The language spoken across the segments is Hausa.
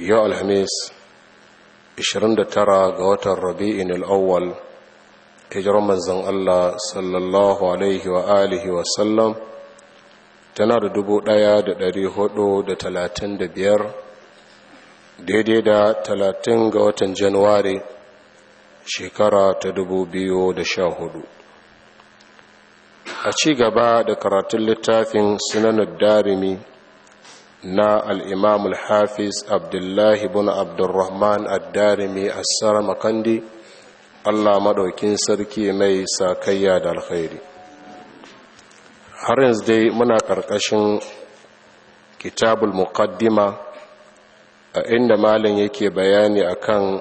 yau alhamis 29 ga watan rabi'in al'awwal hijirar manzan Allah sallallahu alaihi wa alihi wa sallam tana da dubu ɗaya da da talatin da biyar, daidai da talatin ga watan januwari shekara ta dubu biyu da sha hudu. a ci gaba da karatun littafin sunanar darimi na al'imam al-hafiz abdullahi bin abdurrahman addarimi assara makandi allah maɗaukin sarki mai sakayya da alkhairi har yanzu dai muna ƙarƙashin kitabul muqaddima a inda malin yake bayani akan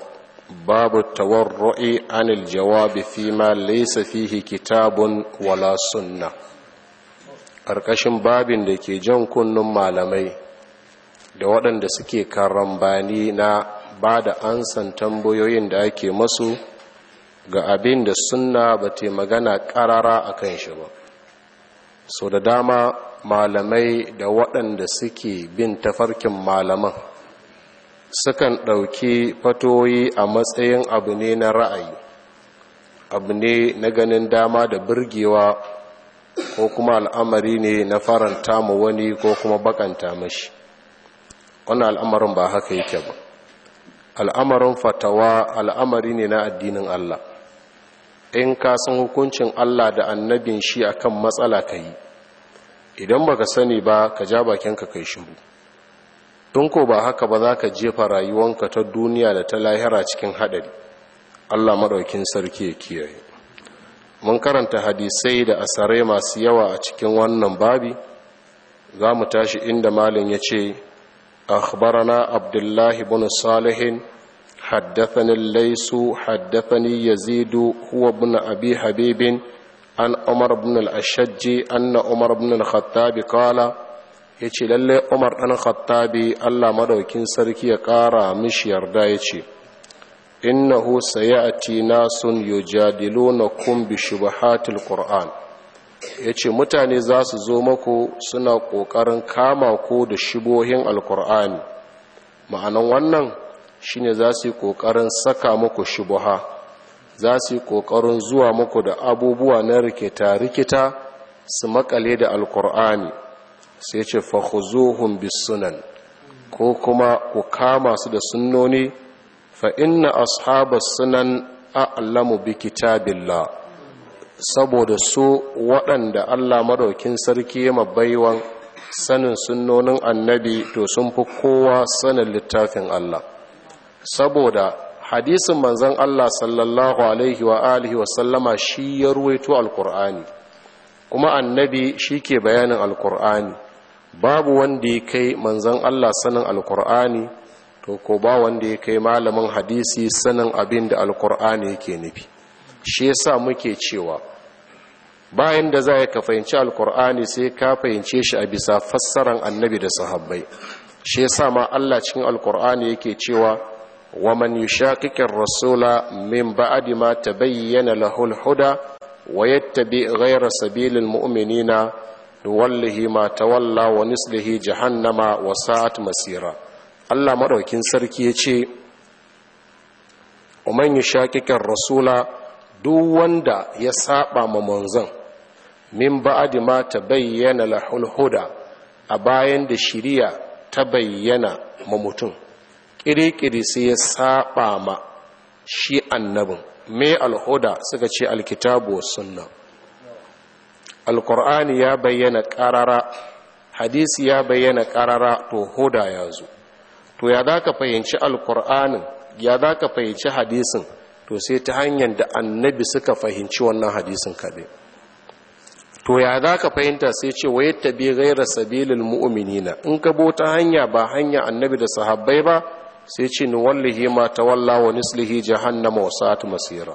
babu tawarru'i anil jawabi fi ma laysa fihi kitabun wala sunna ƙarƙashin babin da ke jan kunnun malamai da waɗanda suke karambani na ba da ansan tambayoyin da ake masu ga abin da suna ba ta magana ƙarara a kan shi ba so da dama malamai da waɗanda suke bin tafarkin malaman sukan ɗauki fatoyi a matsayin abu ne na ra'ayi abu ne na ganin dama da birgewa ko kuma al'amari ne na faranta mu wani ko kuma bakanta mashi wannan al'amarin ba haka yake ba al'amarin fatawa al'amari ne na addinin Allah in ka san hukuncin Allah da annabin shi akan matsala ka yi idan ba ka sani ba ka ja bakin ka kai shiru Tun ko ba haka ba za ka jefa rayuwanka ta duniya da ta lahira cikin haɗari Allah maɗaukin sarki ya kiyaye mun karanta hadisai da asarai masu yawa a cikin wannan babi za mu tashi inda malin ya ce أخبرنا عبد الله بن صالح حدثني الليس حدثني يزيد هو ابن أبي حبيب عن عمر بن الأشج أن عمر بن الخطاب قال yace lalle Umar ɗan Khattabi Allah madaukin sarki ya ƙara mishi yarda yace innahu sayati nasun na bi shubahatil Qur'an ya ce mutane za su zo mako suna ƙoƙarin kama ko da shibohin alkur'ani ma'anan wannan shine za su yi ƙoƙarin saka muku shibuha za su yi ƙoƙarin zuwa muku da abubuwa na rikita-rikita su makale da alkur'ani sai ce fahuzuhun bisunan ko kuma ku kama su da sunnoni fa inna ashabar sunan a'lamu bi kitabillah saboda su waɗanda Allah maɗaukin sarki ya mabaiwan sanin sunnonin annabi to sun fi kowa sanin littafin Allah saboda hadisin manzon Allah sallallahu alaihi wa alihi wa sallama shi ya ruwaito alkur'ani kuma annabi shi ke bayanin alkur'ani babu wanda ya kai manzon Allah sanin alkur'ani to ko ba wanda ya kai malamin hadisi sanin abin da alkur'ani yake nufi shi yasa muke cewa bayan da za ka fahimci alkur'ani sai ka fahimce shi a bisa fassaran annabi da sahabbai shi yasa ma Allah cikin alkur'ani yake cewa wa man yushaqiqir rasula min ba'di ma tabayyana lahul huda wa yattabi ghayra sabilil mu'minina nuwallihi ma tawalla wa nislihi jahannama wa sa'at masira Allah madaukin sarki yace wa man yushaqiqir rasula duk wanda ya saba ma manzon min ba'di ma bayyana lahul huda a bayan da shiriya ta bayyana ma mutum kirikiri sai ya saba ma shi annabin me alhuda suka ce alkitabu wa sunna alkur'ani ya bayyana karara hadisi ya bayyana karara to huda ya zo to ya za ka fahimci alkur'anin ya za ka fahimci hadisin to sai ta hanyar da annabi suka fahimci wannan hadisin kaɗai to ya za ka fahimta sai ce wa yadda bi gaira sabilin mu'uminina in ka bota hanya ba hanya annabi da sahabbai ba sai ce ni wallahi ma ta walla wa nislihi jahannama wa sa'atu masira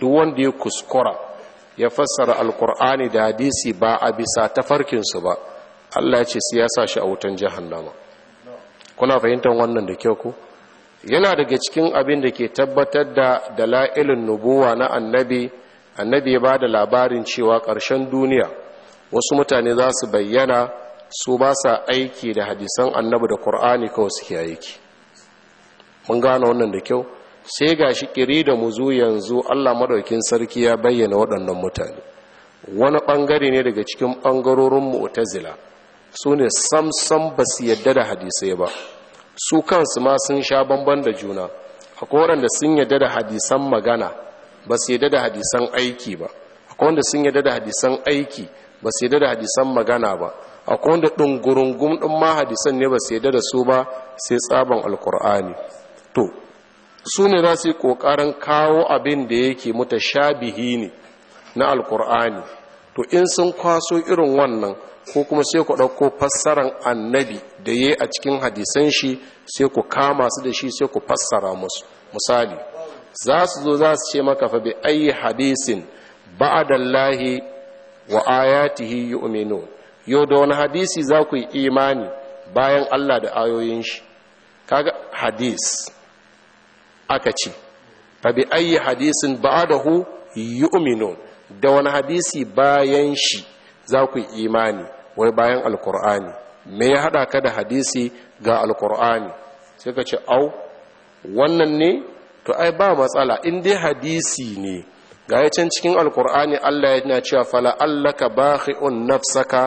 duk wanda ya kuskura ya fassara alkur'ani da hadisi ba a bisa tafarkinsu ba allah ya ce siyasa shi a wutan jahannama kuna fahimtar wannan da kyau ko? yana daga cikin abin da ke tabbatar da dala'ilin nubuwa na annabi annabi ya ba da labarin cewa ƙarshen duniya wasu mutane za su bayyana su ba sa aiki da hadisan annabi da ƙur'ani kawai suke aiki mun gane wannan da kyau sai ga shi ƙiri da muzu yanzu allah maɗaukin sarki ya bayyana waɗannan mutane wani ɓangare ne daga cikin ɓangarorin mu'tazila su ne sam sam ba su yadda da hadisai ba su kansu ma sun sha bamban da juna akwai waɗanda sun yadda da hadisan magana ba su yadda da hadisan aiki ba akwai wanda sun yadda da hadisan aiki ba su yadda da hadisan magana ba akwai wanda ɗungurin ɗin ma hadisan ne ba su yadda da su ba sai tsaban alkur'ani to su ne za su yi ƙoƙarin kawo abin da yake mutashabihi ne na alkur'ani to in sun kwaso irin wannan ko kuma sai ku ɗauko fassaran annabi da ya a cikin hadisan shi sai ku kama su da shi sai ku fassara musu misali za su zo za su ce maka fa bi ayi hadisin ba'adallahi wa ayatihi yu'minu yau da wani hadisi za ku yi imani bayan Allah da ayoyin shi kaga hadis aka ce fa bi ayi hadisin ba'adahu yu'minu da wani hadisi bayan shi za ku yi imani wai bayan alkur'ani me ya haɗa ka da hadisi ga alkur'ani sai ka ce au wannan ne to ai ba matsala in dai hadisi ne ga ya can cikin alkur'ani allah ya yana cewa fala Allah ka allaka un nafsaka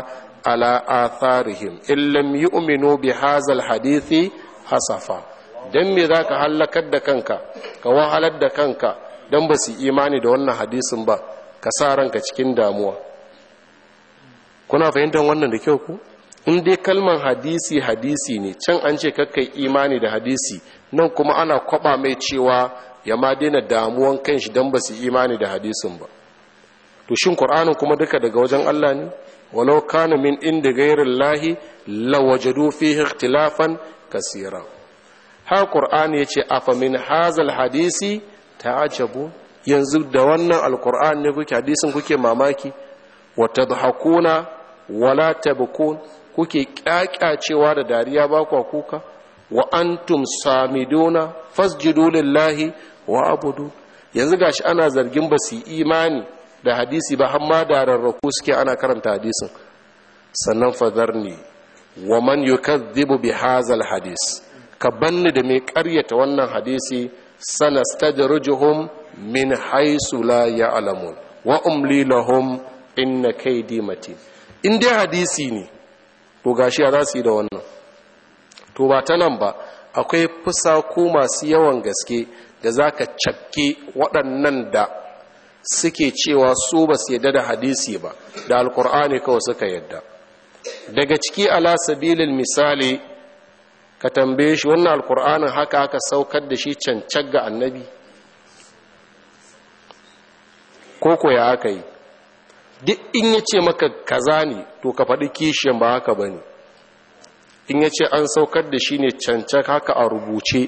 ala atharihim in lam yu'minu bi hazal hadisi hasafa Don me za ka halakar da kanka ka wahalar da kanka don ba su imani da wannan hadisin ba ka sa ranka cikin damuwa kuna fahimtar wannan da kyau ku in dai kalman hadisi hadisi ne can an ce kakkai imani da hadisi nan kuma ana kwaba mai cewa ya ma daina damuwan kanshi don ba su imani da hadisin ba to shin kuma duka daga wajen Allah ne walau kanu min inda gairin lahi lawajadu fihi ikhtilafan kasira ha ya yace afa min hazal hadisi ta'ajabu yanzu da wannan alƙur'an ne kuke hadisin kuke mamaki wa tadhakuna wala tabkun kuke kyakyacewa da dariya ba kwa kuka wa antum samiduna fasjudu lillahi wa abudu yanzu gashi ana zargin ba su imani da hadisi ba har ma da rarraku suke ana karanta hadisin sannan fadarni wa man yukadhibu bi hadhal hadis ka banni da mai karyata wannan hadisi sanastajrujuhum min haythu la ya'lamun wa umli lahum inna kaydi matin in dai hadisi ne to gashi a za su yi da wannan to ba ta nan ba akwai fusa ko masu yawan gaske da za ka cakke waɗannan da suke cewa su ba su yadda da hadisi ba da alkur'ani kawai suka yadda daga ciki ala sabilin misali ka tambaye shi wannan alkur'anin haka aka saukar da shi cancan ga annabi ko ko ya aka yi duk in ya ce maka kaza ne to ka faɗi kishiyar ba haka ba ne in ya ce an saukar da shi ne cancan haka a rubuce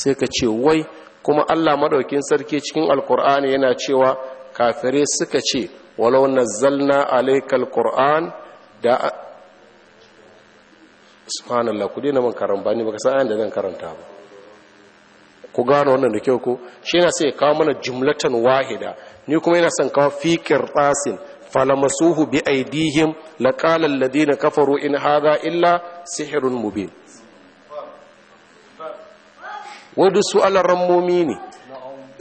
sai ka ce wai kuma allah maɗaukin sarki cikin alkur'ani yana cewa kafirai suka ce walau nazzalna alaikal qur'an da subhanallah ku daina man karamba ne baka san da zan karanta ba ku gano wannan da kyau ko shi yana sai kawo mana jumlatan wahida ni kuma yana son kawo fikir tasin falamasuhu bi aidihim laqala alladhina kafaru in hadha illa sihrun mubin wadu su alaran momi ne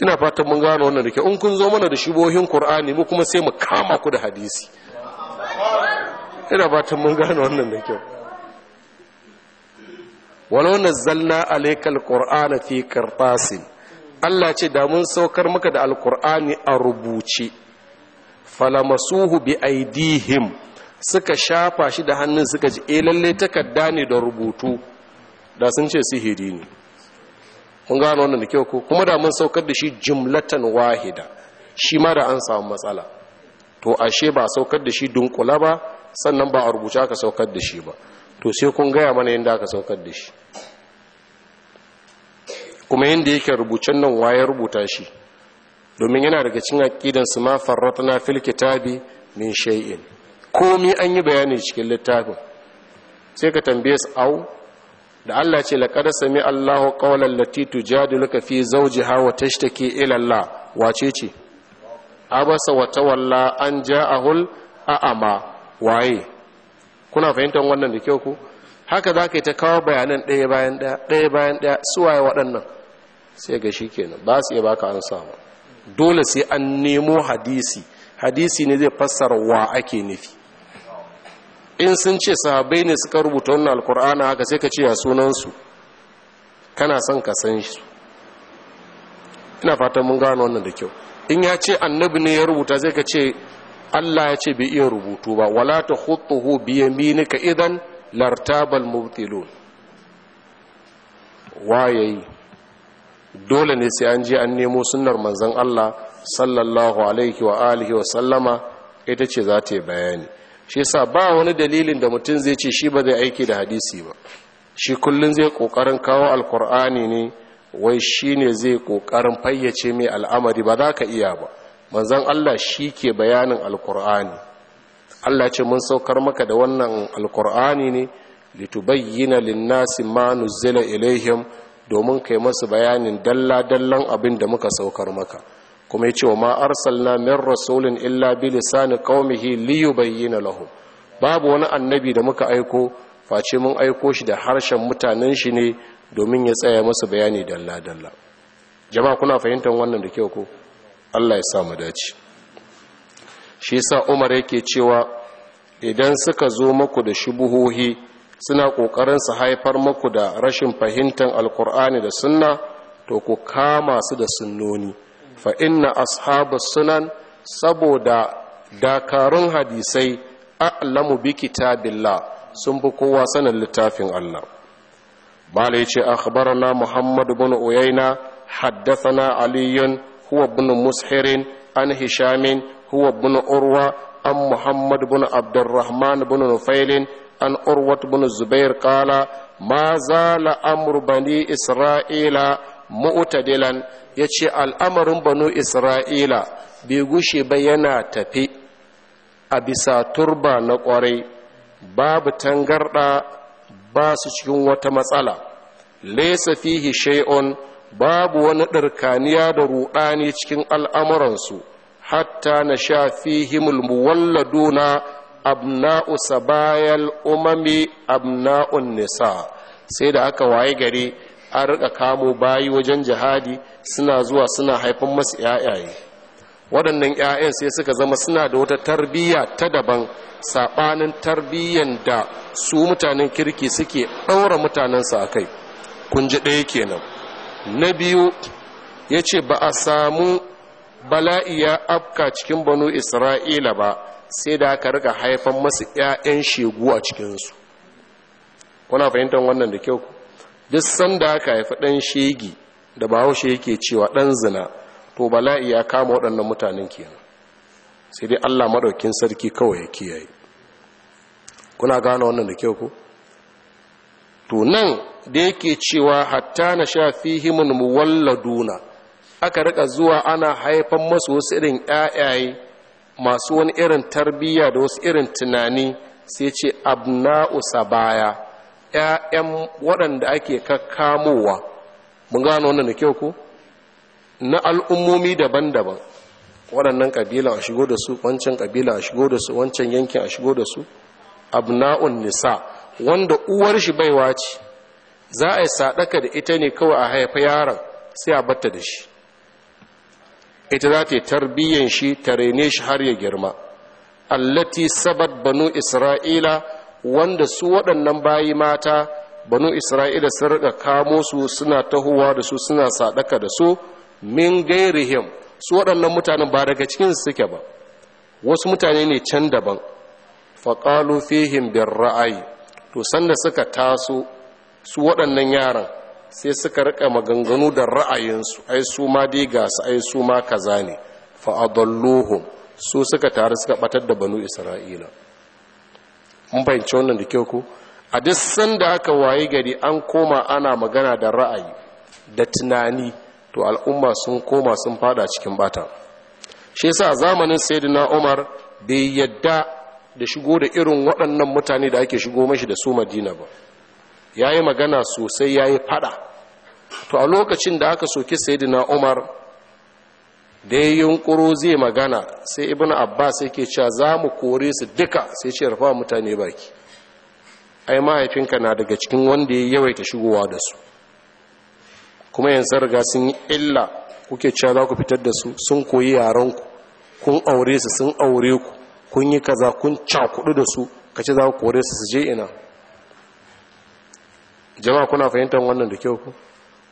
ina fatan mun gano wannan da ke in kun zo mana da shibohin qur'ani mu kuma sai mu kama ku da hadisi ina fatan mun gano wannan da kyau walau nazzalna alaykal qur'ana fi qirtasin Allah ce da mun saukar maka da alqur'ani a rubuce falamasuhu bi aidihim suka shafa shi da hannun suka ji e lalle takarda ne da rubutu da sun ce sihiri ne kun gano wannan da kyau ko kuma da mun saukar da shi jumlatan wahida shi ma da an samu matsala to ashe ba saukar da shi dunkula ba sannan ba a rubuce aka saukar da shi ba to sai kun gaya mana yadda aka saukar da shi kuma yadda yake rubucen nan waye rubuta shi domin yana daga cin aqidan su ma farratna fil kitabi min shay'in komai an yi bayani cikin littafin sai ka tambaye su au da Allah ce laqad sami Allahu qawlan lati tujadiluka fi zawjiha wa tashtaki ila Allah wace ce abasa wa tawalla an ja'ahul a'ama waye kuna fahimtar wannan da kyau ku haka za ka yi ta kawo bayanan ɗaya bayan ɗaya ɗaya bayan ɗaya suwaye waɗannan sai ga shi kenan ba su iya baka an samu dole sai an nemo hadisi hadisi ne zai fassara wa ake nufi in sun ce sahabai ne suka rubuta wannan alkur'ana haka sai ka ce ya sunansu kana son ka san shi? ina fatan mun gano wannan da kyau in ya ce annabi ne ya rubuta sai ka ce Allah ya ce bai iya rubutu ba wala ta khutuhu bi yaminika idan lartabal mubtilun wayayi dole ne sai an je an nemo sunnar manzon Allah sallallahu alaihi wa alihi wa sallama ita ce za ta yi bayani shi sa ba wani dalilin da mutum zai ce shi ba zai aiki da hadisi ba shi kullum zai kokarin kawo alkur'ani ne wai shi ne zai kokarin fayyace mai al'amari ba za ka iya ba manzon Allah shi ke bayanin alkur'ani Allah ce mun saukar maka da wannan alkur'ani ne litubayyana lin-nasi ma nuzila ilaihim domin kai masu bayanin dalla-dallan abin da muka saukar maka kuma ya ce wa ma na min rasulin illa bi lisani qaumihi li na lahu. babu wani annabi da muka aiko face mun aiko shi da harshen mutanen shi ne domin ya tsaya masu bayani dalla-dalla jama'a kuna fahimtar wannan da kyau ko Allah ya sa mu dace shi sa Umar yake cewa idan suka zo maku da shubuhohi suna ƙoƙarin su haifar maku da rashin fahimtar alkur'ani da sunna to ku kama su da sunnoni fa inna ashabu sunan saboda dakarun hadisai a'lamu bi kitabillah sun fi kowa sanin littafin Allah bala yace akhbarana Muhammad ibn Uyayna haddathana Ali huwa ibn Mushir an Hishamin huwa ibn Urwa an Muhammad ibn Abdurrahman ibn Nufail an urwat bin zubair qala ma zala amru bani isra'ila Ya ce al'amarin banu isra'ila bai gushe ba yana tafi a bisa turba na kwarai babu tangarda ba su cikin wata matsala laysa fihi sha'on, babu wani ɗarkaniya da ruɗani cikin al'amuransu hatta na sha fihimul muwalladuna abna'u sabayal umami abna'un nisa sai da aka waye gari an rika kamo bayi wajen jihadi suna zuwa suna haifan masu yayaye waɗannan 'ya'yan sai suka zama suna da wata tarbiyya ta daban sabanin tarbiyyan da su mutanen kirki suke ɗaura mutanensu a kai kun ji ɗaya kenan na biyu ya ce ba a samu bala'i ya afka cikin banu isra'ila ba sai da aka rika haifan masu 'ya'yan shegu a cikinsu kuna fahimtar wannan da kyau duk sanda aka haifi ɗan shegi da ba bahaushe yake cewa ɗan zina to bala'i ya kama waɗannan mutanen kenan sai dai allah maɗaukin sarki kawai ya kiyaye kuna gane wannan da kyau ku to nan da yake cewa hatta na sha fi walla duna, aka rika zuwa ana haifan masu wasu irin 'ya'yaye masu wani irin tarbiyya da wasu irin tunani sai ce abna'u sabaya ‘ya'yan waɗanda ake kakkamowa mun gano wannan da kyau ko na al'ummomi daban-daban waɗannan ƙabila a shigo da su wancan ƙabila a shigo da su wancan yankin a shigo da su abna'un nisa wanda uwar shi baiwa ce za a yi sadaka da ita ne kawai a haifa yaron sai a batta da shi ita za ta yi tarbiyyan shi ta rene shi har ya girma allati sabat banu isra'ila wanda su waɗannan bayi mata banu isra'ila sun riga kamo su suna tahowa da su suna sadaka da su min gairihim su waɗannan mutanen ba daga cikin suke ba wasu mutane ne can daban faƙalu fihim bin ra'ayi to sanda suka taso su waɗannan yaran sai suka rika maganganu da ra'ayinsu ai su ma dai su, ai su ma kaza ne fa adalluhum su suka taru suka batar da banu isra'ila mun fahimci wannan da kyau ko a duk sanda aka waye gari an koma ana magana da ra'ayi da tunani to al'umma sun koma sun fada cikin bata shi yasa zamanin sayyidina Umar bai yadda da shigo da irin waɗannan mutane da ake shigo mashi da su Madina ba ya yi magana sosai ya yi fada to a lokacin da aka soki saidina umar da ya yi yunkuro zai magana sai ibn abbas yake cewa za mu kore su duka sai ce rufa mutane baki ai mahaifinka na daga cikin wanda ya yawaita shigowa da su kuma yanzu riga sun yi illa kuke cewa za ku fitar da su sun koyi yaranku kun aure su sun aure ku kun yi kaza kun cakudu da su kace za ku kore su su je ina jama'a kuna fahimtar wannan da kyau ku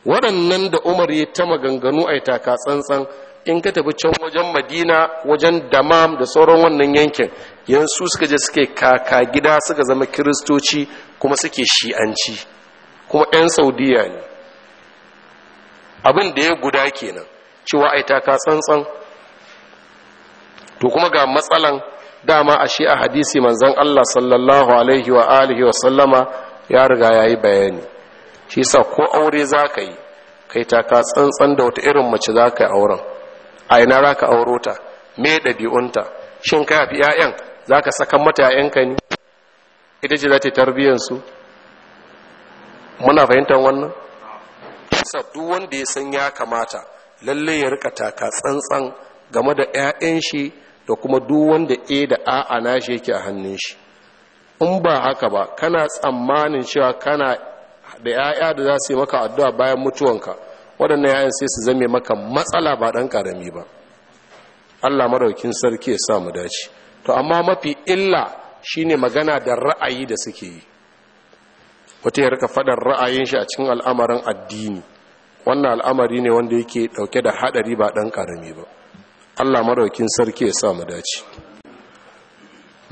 waɗannan da umar ya ta maganganu a taka tsantsan in ka tafi can wajen madina wajen damam da sauran wannan yankin yansu suka je suke kaka gida suka zama kiristoci kuma suke shi'anci kuma 'yan saudiya ne abin da ya guda kenan cewa a taka tsantsan to kuma ga matsalan dama a shi a hadisi manzan allah sallallahu alaihi wa alihi wa sallama ya riga ya yi bayani shi sa ko aure za ka yi kai ta ka tsantsan da wata irin mace za ka yi auren a ina za ka auro ta me ɗabi'unta shin ka yafi 'ya'yan za ka saka mata 'ya'yanka ne ita ce za ta tarbiyyarsu muna fahimtar wannan sa duk wanda ya san ya kamata lallai ya rika takatsantsan tsantsan game da 'ya'yan shi da kuma duk wanda a da a'a na shi yake a hannun shi in ba haka ba kana tsammanin cewa kana da 'ya'ya da za su yi maka addu'a bayan mutuwanka waɗannan 'ya'yan sai su zame maka matsala ba ɗan ƙarami ba allah maraukin sarki ya sa mu dace to amma mafi illa shine magana da ra'ayi da suke yi wata ya rika faɗar ra'ayin shi a cikin al'amarin addini wannan al'amari ne wanda yake ɗauke da haɗari ba ɗan ƙarami ba allah maraukin sarki ya sa mu dace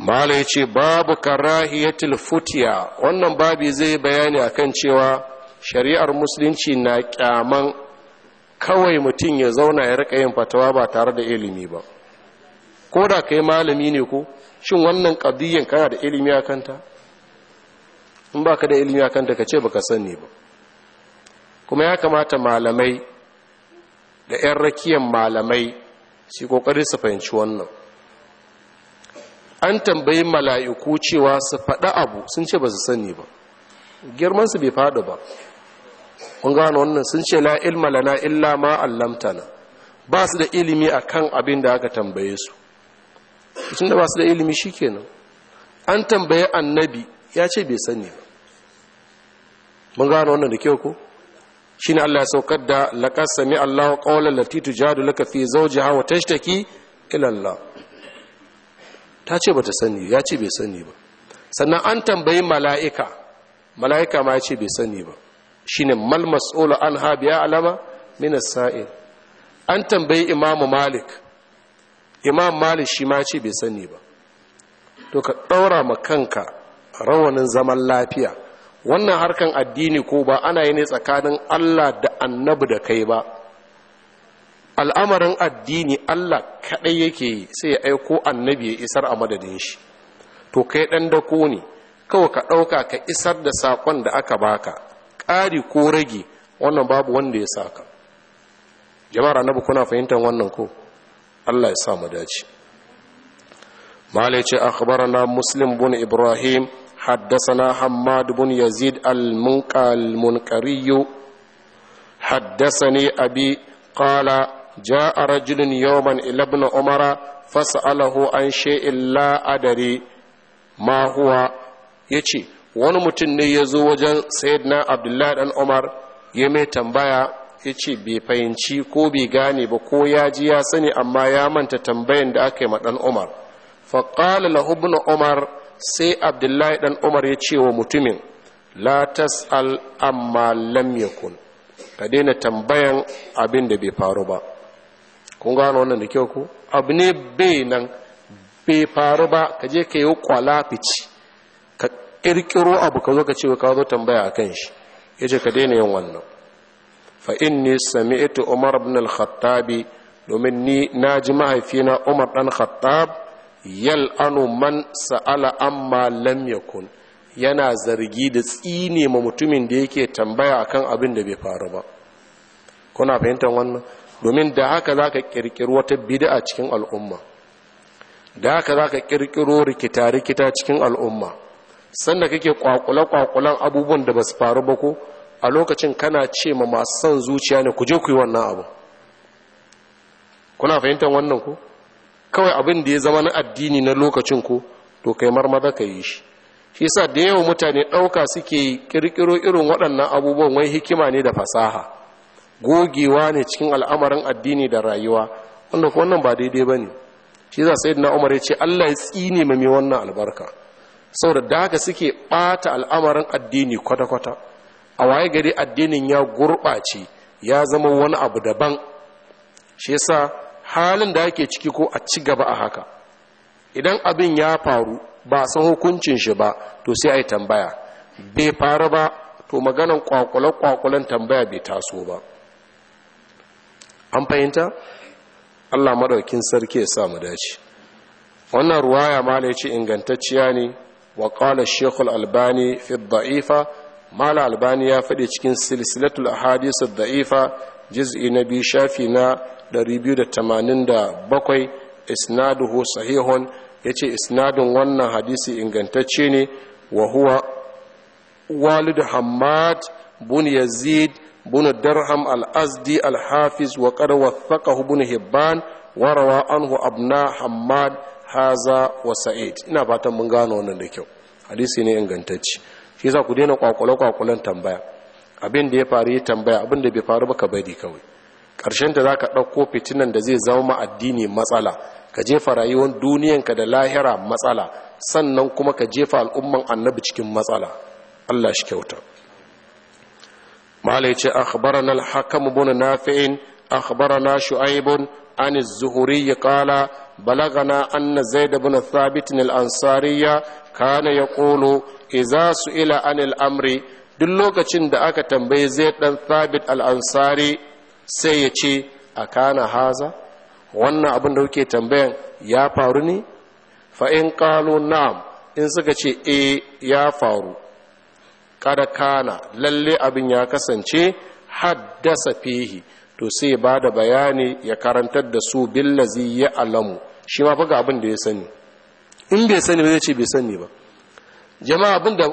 mala ya ce babu karahiyatul futiya wannan babi zai bayani akan cewa shari'ar musulunci na kyaman kawai mutum ya zauna ya rika yin fatawa ba tare da ilimi ba ko da kai malami ne ko shin wannan kadiyyan kana da ilimi kanta in ba ka da ilimi kanta ka ce baka sani ba kuma ya kamata malamai da 'yan rakiyar malamai su kokari su fahimci wannan an tambayi mala'iku cewa su faɗa abu sun ce ba su sani ba girman su bai faɗi ba kun gano wannan sun ce la ilma lana illa ma allamtana ba su da ilimi a kan abin da aka tambaye su sun da ba su da ilimi shi kenan, an tambaye annabi ya ce bai sani ba mun gano wannan da kyau ko shi ne Allah ya saukar da laƙar Allah ƙaunar latitu jadu laka fi zauji hawa tashtaki ilallah ta ce ba ta sani ya ce bai sani ba sannan an tambayi mala'ika mala'ika ma ya ce bai sani ba shi ne malmas'ulu an ya alama minas sa'in. an tambayi imamu malik imam malik shi ma ce bai sani ba to ka ɗaura ma kanka rawanin zaman lafiya wannan harkan addini ko ba ana yi ne tsakanin allah da Annabu da kai ba al'amarin addini Allah kaɗai yake yi sai ya aiko annabi ya isar a madadin shi to kai ɗan da ko ne kawai ka ɗauka ka isar da saƙon da aka baka ƙari ko rage wannan babu wanda ya saka jama'ar annabi kuna fahimtar wannan ko Allah ya sa mu dace malai ce akhbarana muslim bin ibrahim حدثنا yazid al يزيد المنقري حدثني أبي قال جاء رجل يوما إلى ابن عمر فسأله عن شيء لا أدري ما هو يتي wani mutum ne ya zo wajen sayyidina abdullahi dan umar ya mai tambaya ya ce bai fahimci ko bai gane ba ko ya ji ya sani amma ya manta tambayan da aka yi ma dan umar faƙala lahu umar sai abdullahi dan umar ya ce wa mutumin la tas'al amma lam yakun ka daina tambayan abin da bai faru ba kun gano wannan da kyau ku abu ne bai nan bai faru ba ka je ka yi kwala fici ka kirkiro abu ka zo ka ce ka zo tambaya a kan shi ya ce ka daina yin wannan fa sami ita umar ibn al domin ni na ji mahaifina umar dan khattab anu man sa'ala amma lam yakun yana zargi da tsine ma mutumin da yake tambaya akan abin da bai faru ba kuna fahimtar wannan domin da haka za ka ƙirƙiri wata bid'a a cikin al'umma da haka za ka ƙirƙiro rikita-rikita cikin al'umma sanda kake kwakula kwakulan abubuwan da ba su faru ba ko a lokacin kana ce ma masu son zuciya ne ku je ku yi wannan abu kuna fahimtar wannan ku kawai abin da ya zama na addini na lokacin ku to kai marmaza ka yi shi shi sa da yawan mutane ɗauka suke ƙirƙiro irin waɗannan abubuwan wai hikima ne da fasaha gogewa ne cikin al'amarin addini da rayuwa wanda kuma wannan ba daidai ba ne shi za sai na umar ya ce allah ya tsine mai wannan albarka saboda da haka suke ɓata al'amarin addini kwata-kwata a waye gari addinin ya gurɓace ya zama wani abu daban shi yasa halin da ake ciki ko a ci gaba a haka idan abin ya faru ba a san hukuncin shi ba to sai a yi tambaya bai faru ba to maganan kwakulan-kwakulan tambaya bai taso ba an fahimta allah maɗaukin sarki ya sa mu dace wannan ruwaya ma ne ce ingantacciya ne wa ƙwala shekul albani fi da'ifa mala albani ya faɗi cikin silsilatul hadisu da'ifa jiz'i na biyu shafi na 287 isnaduhu sahihun ya ce isnadin wannan hadisi ingantacce ne wa huwa walid hamad bun yazid بن الدرهم الأزدي الحافظ وقد وثقه بن هبان وروى عنه أبناء حماد haza wa sa'id ina fatan mun gano wannan da kyau hadisi ne ingantacci shi yasa ku daina kwakwale kwakwalen tambaya abin da ya faru ya tambaya abin da bai faru ba ka bari kawai karshen da ka ɗauko fitinan da zai zama ma addini matsala ka jefa rayuwar duniyan ka da lahira matsala sannan kuma ka jefa al'umman annabi cikin matsala Allah shi kyauta malai ce na al-hakam ibn nafi'in akhbarana shu'aib zai da buna بلغنا أن زيد بن ya kolo كان za su ila عن amri duk lokacin da aka tambaye zai dan thabit al'ansari sai ya ce a kana haza wannan abin da kuke tambayan ya faru ne fa'in kalo na'am in suka ce e ya faru kada kana lalle abin ya kasance haddasa fihi to sai ba da bayani ya karantar da su billazi ya alamu shi ma faga abin da ya sani in bai sani ba zai ce bai sani ba jama'a abin da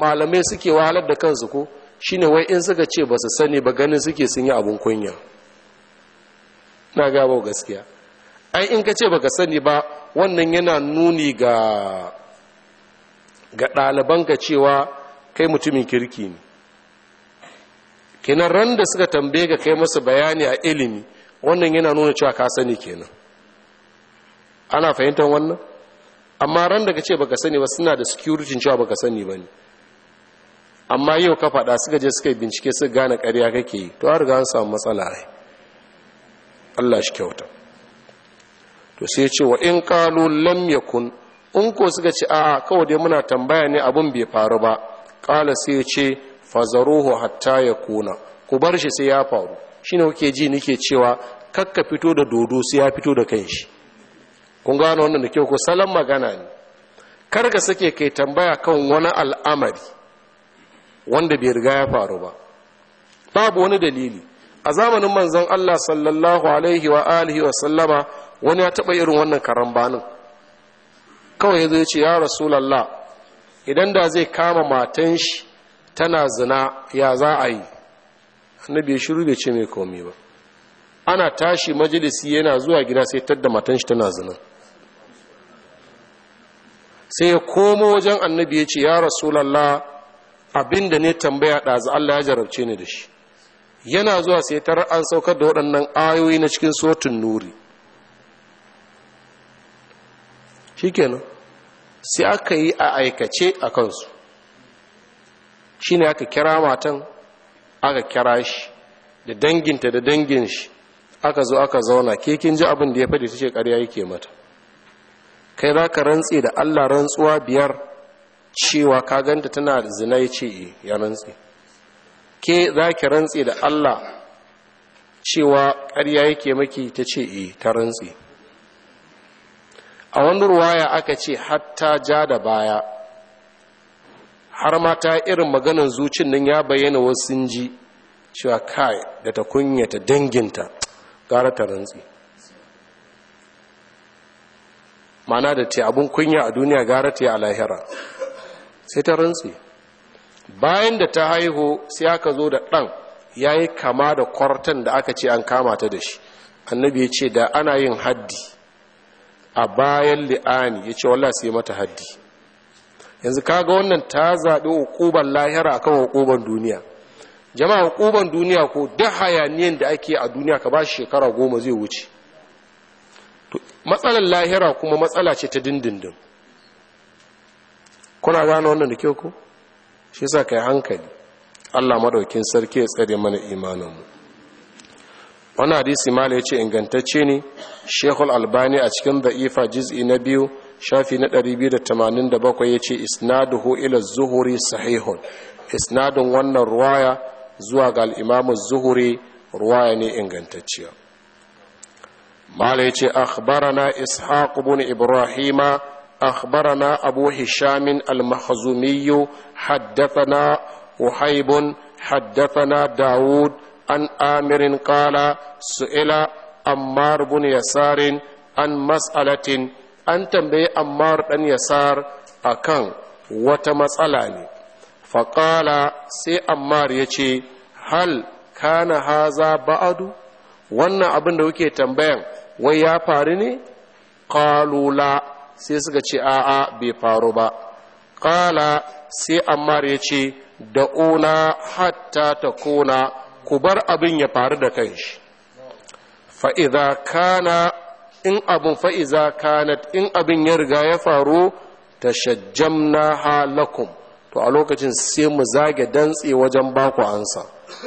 malamai suke wahalar da kansu ko shine wai in suka ce ba su sani ba ganin suke sun yi abin kunya na gaba gaskiya ai in ka ce baka sani ba wannan yana nuni ga ga ɗalibanka cewa kai mutumin kirki ne kenan ran da suka tambaye ga kai masa bayani a ilimi wannan yana nuna cewa ka sani kenan ana fahimtar wannan amma ran da ka ce baka sani ba suna da security cewa baka sani ba ne amma yau ka faɗa suka je suka yi bincike su gane ƙarya kake yi to har an samu matsala ai Allah shi kyauta to sai ce wa in qalu lam yakun in ko suka ce a'a kawai dai muna tambaya ne abun bai faru ba ƙala sai ya ce fazaruhu hatta ya kuna ku bar shi sai ya faru shi ne kuke ji nike cewa kakka fito da dodo sai ya fito da shi kun gano wannan da kyau ku salon magana ne kar ka sake kai tambaya kan wani al'amari wanda bai riga ya faru ba babu wani dalili a zamanin manzon Allah sallallahu alaihi wa alihi wa sallama wani ya taba irin wannan karambanin kawai yazo ya ce ya rasulullah idan da zai kama matan shi tana zina ya za a yi annabi ya shiru bai ce mai komai ba ana tashi majalisi yana zuwa gida sai tadda matan shi tana zina sai ya komo wajen annabi ya ce ya rasulallah abinda ne tambaya ɗazu Allah ya jarabce ni da shi yana zuwa sai tarar an saukar da waɗannan ayoyi na cikin sotun nuri shikenan sai aka yi a aikace a kansu shi ne aka kira matan aka kira shi da danginta da dangin shi aka zo aka zauna ke kin ji abin da ya fadi ta ce ƙarya yake mata kai za ka rantse da allah rantsuwa biyar cewa ka ganta tana da zina ya ce eh, ya rantse ke za ki rantse da allah cewa ƙarya yake maki ta ce eh, ta rantse a wani ruwaya aka ce hatta ja da baya har mata irin maganan zucin nan ya bayyana wasu ji cewa kai da ta kunyata danginta gara ta rantsi mana da ce abin kunya a duniya gara ta yi a lahira sai ta rantsi bayan da ta haihu sai aka zo da ɗan ya yi kama da kwartan da aka ce an kama ta da shi annabi ya ce da ana yin haddi a bayan li'ani ya ce wallah sai mata haddi yanzu kaga wannan ta zaɓi hukuban lahira a akan hukuban duniya jama'a hukuban duniya ko da hayaniyan da ake a duniya ka ba shi shekara goma zai wuce matsalar lahira kuma matsala ce ta dindindin kuna gano wannan da kyau ku shi sa kai hankali Allah maɗaukin sarki ya tsare mana imaninmu wani hadisi mala ya ce ingantacce ne shekul albani a cikin da'ifa jiz'i na biyu shafi na 287 ya ce isnaduhu ila zuhuri sahihun isnadun wannan ruwaya zuwa ga al'imamun zuhuri ruwaya ne ingantacce mala ya ce akhbarana ishaq ibrahima akhbarana abu hishamin al-mahzumiyu haddathana وحيب حدثنا an amirin kala su'ila ammar bin yasarin an mas'alatin an tambayi ammar dan yasar kan wata matsala ne faƙala sai ammar ya ce hal kana haza ba'adu wannan abin da kuke tambayan wai ya faru ne ƙalula sai suka ce a'a bai faru ba ƙala sai ammar ya ce da'una hatta ta kona ku bar abin ya faru da kanshi fa'iza kana in abin fa'iza kana in abin ya riga ya faru ta na halakum to a lokacin sai mu zage dantse wajen baku ansa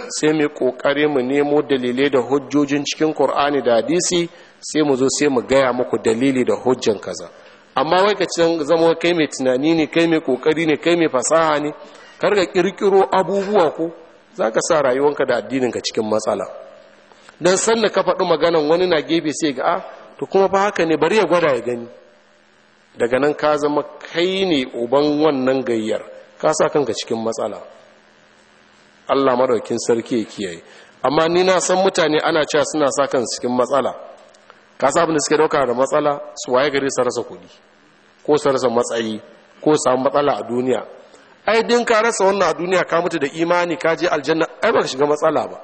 sai mu ƙoƙari mu nemo dalilai da hujjojin cikin Kur'ani da hadisi sai mu zo sai mu gaya muku dalili da hujjan kaza amma wai ka can zama kai mai tunani ne kai mai kokari ne kai mai fasaha ne kar ka kirkiro abubuwa ko za ka sa rayuwanka da addininka cikin matsala don sannan ka faɗi maganan wani na gefe sai ga a ah, to kuma ba haka ne bari ya gwada ya gani daga nan ka zama kai ne uban wannan gayyar ka sa kanka cikin matsala allah maraukin sarki ya kiyaye amma ni na san mutane ana cewa suna sa kansu cikin matsala ka sa abin da suke dauka da matsala su waye gari su rasa kuɗi ko su rasa matsayi ko su samu matsala a duniya ai din ka rasa wannan a duniya ka mutu da imani ka je aljanna ai ba ka shiga matsala ba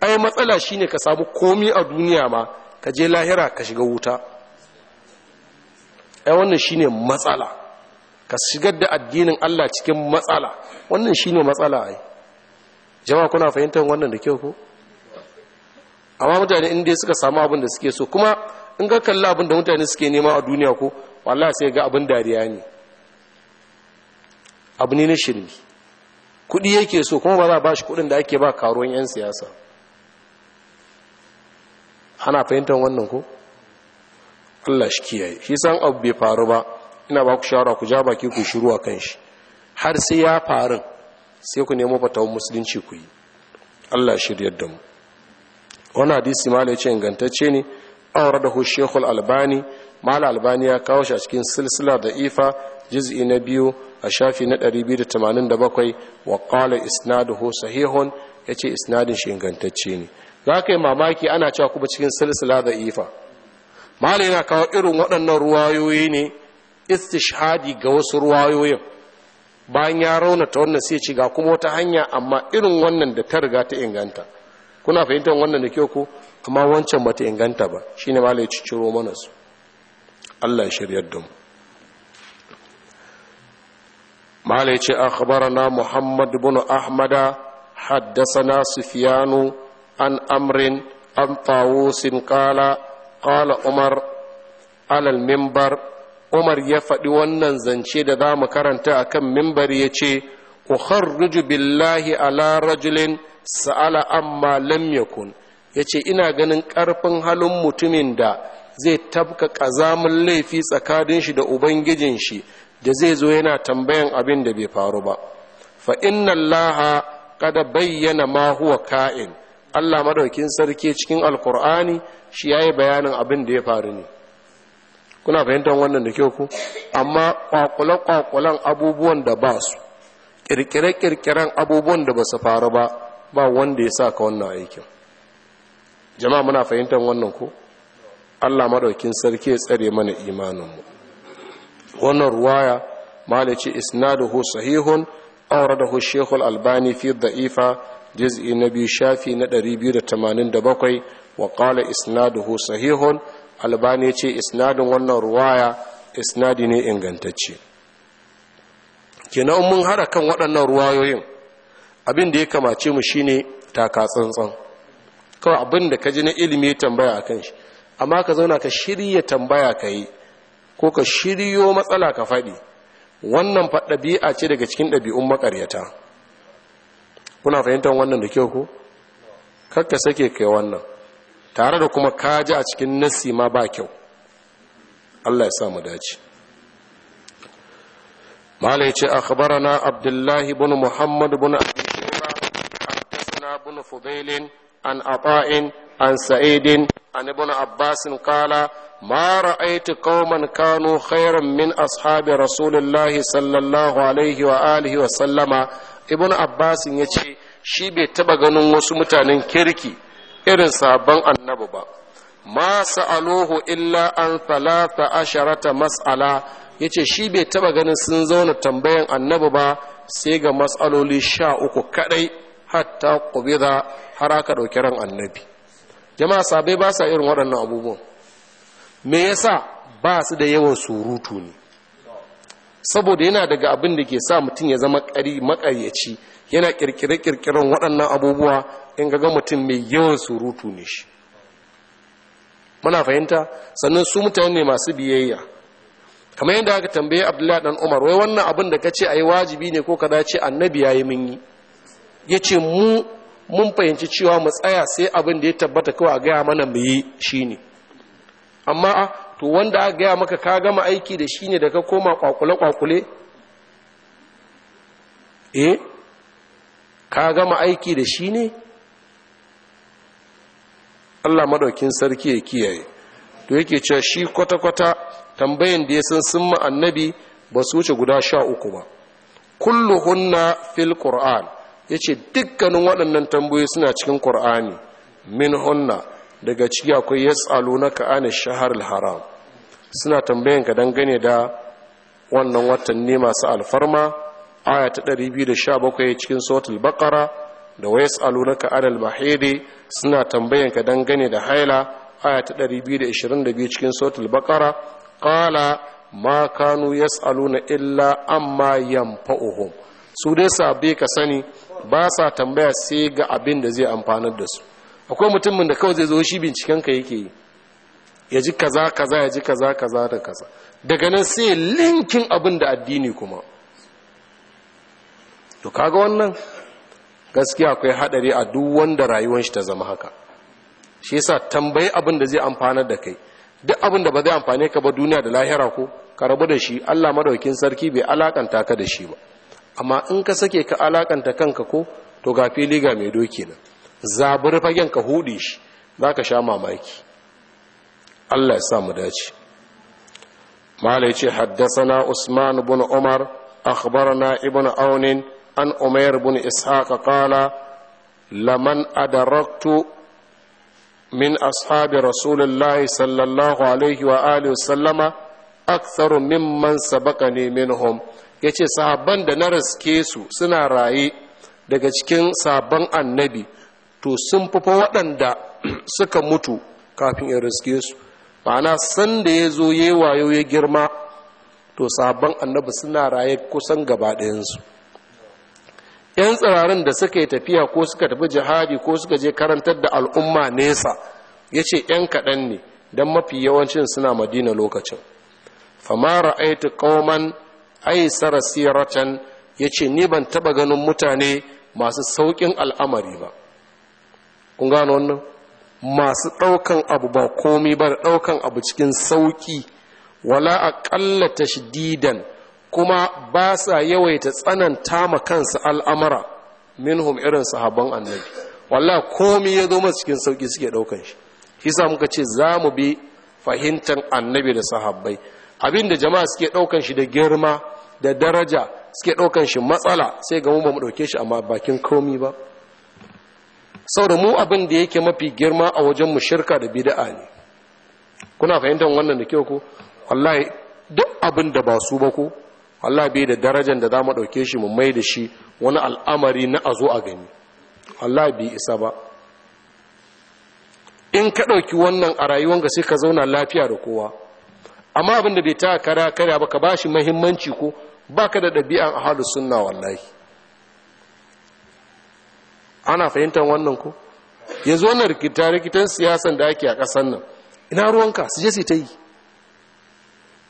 ai matsala shine ka samu komi a duniya ma ka je lahira ka shiga wuta ai wannan shine matsala ka shigar da addinin Allah cikin matsala wannan shine matsala ai jama'a kuna fahimtar wannan da kyau ko amma mutane in dai suka samu abin da suke so kuma in ga kalla abin da mutane suke nema a duniya ko wallahi sai ga abin dariya ne abu ne na shirmi kuɗi yake so kuma ba za a ba shi kuɗin da ake ba karuwan 'yan siyasa ana fahimtar wannan ko Allah shi kiyaye shi san abu bai faru ba ina ba ku shawara ku ja baki ku shiru a kan shi har sai ya faru sai ku nemo fatawun musulunci ku yi Allah shiryar da mu wani hadisi ya ce ingantacce ne an rada hushe albani mala albani ya kawo shi a cikin silsila da ifa juz'i na biyu a shafi na 287 wa qala isnaduhu ya ce isnadin shi ingantacce ne za ka yi mamaki ana cewa kuma cikin silsila da ifa yana kawo irin waɗannan ruwayoyi ne istishadi ga wasu ruwayoyin bayan ya raunata wannan sai ci ga kuma wata hanya amma irin wannan da ta riga ta inganta kuna fahimtar wannan da kyau ko amma wancan bata inganta ba shine mala ya ciciro mana su Allah shirya shiryar da mu malai ce akhbarana muhammad bunu ahmada na sufyanu an amrin an tawusin qala qala umar alal mimbar umar ya faɗi wannan zance da za mu karanta a kan mimbar ya ce Ruju billahi ala rajulin sa'ala amma lam kun, ya ce ina ganin ƙarfin halin mutumin da zai tabka ƙazamin laifi tsakanin shi da ubangijin shi da zai zo yana tambayan abin da bai faru ba fa inna allaha kada bayyana ma huwa ka'in Allah madaukin sarki cikin alkur'ani shi yayi bayanin abin da ya faru ne kuna fahimtar wannan da kyau ku amma kwakule kwakulan abubuwan da ba su kirkire kirkiren abubuwan da ba su faru ba ba wanda ya sa ka wannan aikin jama'a muna fahimtar wannan ku Allah madaukin sarki ya tsare mana imanin mu. wannan ruwaya malaci isnaduhu sahihun awradahu shaykh al-albani fi da'ifa jiz'i na biyu shafi na 287 wa qala isnaduhu sahihun albani ce isnadin wannan ruwaya isnadi ne ingantacce kenan mun hada kan waɗannan ruwayoyin abin da ya kamace mu shine taka tsantsan kawai abin da ka ji na ilimi tambaya kan shi amma ka zauna ka shirya tambaya ka yi ko ka shiryo matsala ka faɗi wannan faɗabi'a ce daga cikin ɗabi'un makaryata kuna fahimtar wannan da kyau ko kakka sake kai wannan tare da kuma kaji a cikin nassi ma ba kyau Allah ya sa mu dace mala yace akhbarana abdullah ibn muhammad ibn abi shayba ibn fudailin an ata'in An سعيد عن ابن عباس قال ما رأيت قوما كانوا خيرا من أصحاب رسول الله صلى الله عليه وآله وسلم ابن عباس يتشي shi bai taba ganin wasu mutanen kirki irin sabon annabi ba masu sa'aluhu illa an talata asharata mas'ala yace shi bai taba ganin sun zauna tambayan annabi ba sai ga matsaloli sha uku kadai hatta qubida har aka ɗauki ran annabi jama'a sabai ba sa irin waɗannan abubuwan me yasa ba su da yawan surutu ne saboda yana daga abin da ke sa mutum ya zama ƙari maƙaryaci yana ƙirƙire-ƙirƙiren waɗannan abubuwa in ga mutum mai yawan surutu ne shi muna fahimta sannan su mutane ne masu biyayya kamar yadda aka tambaye abdullahi dan umar wai wannan abin da ka ce a yi wajibi ne ko ka dace annabi ya yi mun yi ya ce mu mun fahimci cewa mu tsaya sai abin da ya tabbata kawai a gaya mana mu yi shi ne, amma to wanda aka gaya maka ka gama aiki da shi ne da ka koma kwakule kwakule eh ka gama aiki da shi ne? Allah maɗaukin sarki ya kiyaye to yake cewa shi kwata kwata tambayin da ya san sun annabi ba su wuce guda sha uku ba hunna fil qur'an ya ce dukkanin waɗannan tambayoyi suna cikin ƙur'ani min hunna daga ciki akwai ya tsalo na ka'anin shahar haram suna tambayin ka dangane da wannan watanni masu alfarma aya ta 217 cikin sautul bakara da wa ya tsalo na ka'anar mahidi suna tambayin ka dangane da haila aya ta 222 cikin sautul bakara kala ma kanu ya tsalo na illa amma yamfa'uhum su dai sabe ka sani ba sa tambaya sai ga abin da zai amfanar da su akwai mutumin da kawai zai zo shi bincikenka ka yake yi ya ji kaza kaza ya ji kaza kaza da kaza daga nan sai linkin abin da addini kuma to kaga wannan gaskiya akwai hadari a duk wanda rayuwar shi ta zama haka shi yasa tambayi abin da zai amfanar da kai duk abin da ba zai amfane ka ba duniya da lahira ko ka rabu da shi Allah madaukin sarki bai alakanta ka da shi ba amma in ka sake ka alakanta kanka ko to ga fili ga mai doki na. zaburi fagen ka hude shi za ka sha mamaki allah ya sa mu dace malai ce haddasana usman bin umar na ibn aunin an umair bin ishaq qala laman adaraktu min ashabi rasulullahi sallallahu alaihi wa alihi wasallama aktharu mimman sabaqani minhum ya ce sahabban da na raske su suna raye daga cikin sabon annabi to sun fufa waɗanda suka mutu kafin in riske su ma'ana sanda da ya zo ya wayo ya girma to sabon annabi suna raye kusan gaba ɗayansu yan tsirarin da suka yi tafiya ko suka tafi jihadi ko suka je karantar da al'umma nesa ya ce yan kaɗan ne don mafi yawancin suna madina lokacin famara aita kauman aisara siratan ya ce ni ban taba ganin mutane masu sauƙin al'amari ba kun gano wannan masu ɗaukan abu ba komi ba da ɗaukan abu cikin sauƙi wala a aƙalla shididan kuma ba sa yawaita tsananta ma kansu al'amara minhum irin sahabban annabi Wala komi ya zo masu cikin sauƙi suke ɗaukan shi shi sa muka ce za mu bi fahimtar annabi da sahabbai Abin da jama'a suke daukan shi da girma da daraja suke daukan shi matsala sai ga mu ba mu dauke shi amma bakin komi ba saboda mu abin da yake mafi girma a wajen mu shirka da bid'a ne kuna fahimtar wannan da kyau ko wallahi duk abin da ba su ba ko wallahi bai da darajar da zamu dauke shi mu mai da shi wani al'amari na azo a gani wallahi bai isa ba in ka dauki wannan a rayuwanka sai ka zauna lafiya da kowa amma abin da bai ta kara kara ba ka ba shi mahimmanci ko ba ka da ɗabi'an halin sunna wallahi ana fahimtar wannan ko yanzu wannan rikita rikitan siyasan da ake a ƙasan nan ina ruwanka su je su ta yi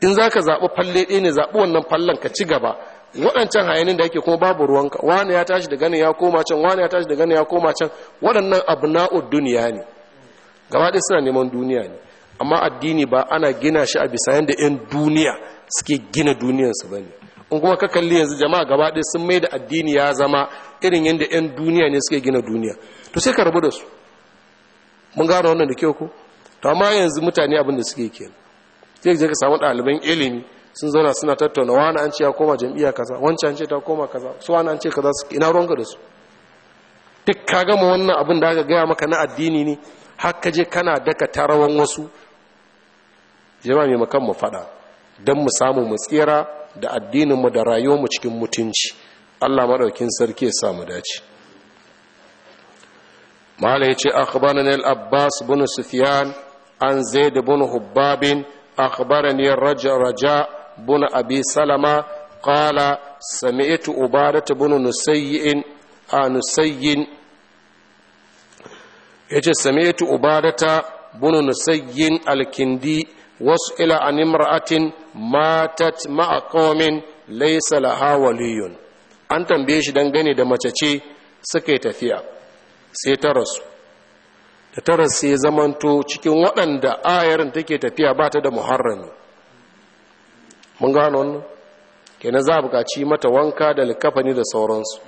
in za ka zaɓi falle ɗaya ne zaɓi wannan fallon ka ci gaba waɗancan hayanin da ake kuma babu ruwanka wani ya tashi da ganin ya koma can wani ya tashi da ganin ya koma can waɗannan abu na'ud duniya ne gaba ɗaya suna neman duniya ne amma addini ba ana gina shi a bisa yadda 'yan duniya suke gina duniyansu ba ne in kuma ka kalli yanzu jama'a gaba ɗaya sun mai da addini ya zama irin yadda 'yan duniya ne suke gina duniya to sai ka rabu da su mun gano wannan da kyau ko to amma yanzu mutane abin da suke kenan sai ka samu ɗaliban ilimi sun zauna suna tattauna wani an ce ya koma jam'iyya kaza wancan an ce ta koma kaza su wani an ce kaza su ina ruwanka da su duk ka gama wannan abin da aka gaya maka na addini ne har ka je kana daka tarawan wasu jama'a mai makan mu faɗa don mu samu mu tsira da addininmu da rayuwarmu cikin mutunci allah maɗaukin sarki ya samu dace mala ya ce akhbarani al-abbas bin sufyan an zaid bin hubbabin akhbarani raja raja bin abi salama qala sami'tu ubadatu bin nusayyin a yace sami'tu ubadata bin nusayyin al wasu ila an imra'atin matat ma'a qaumin laysa laha waliyun an tambaye shi dangane da mace ce suka yi tafiya sai ta rasu da ta rasu ya zamanto cikin waɗanda ayarin take tafiya ba ta da muharrami mun gano wannan kenan za a buƙaci mata wanka da likafani da sauransu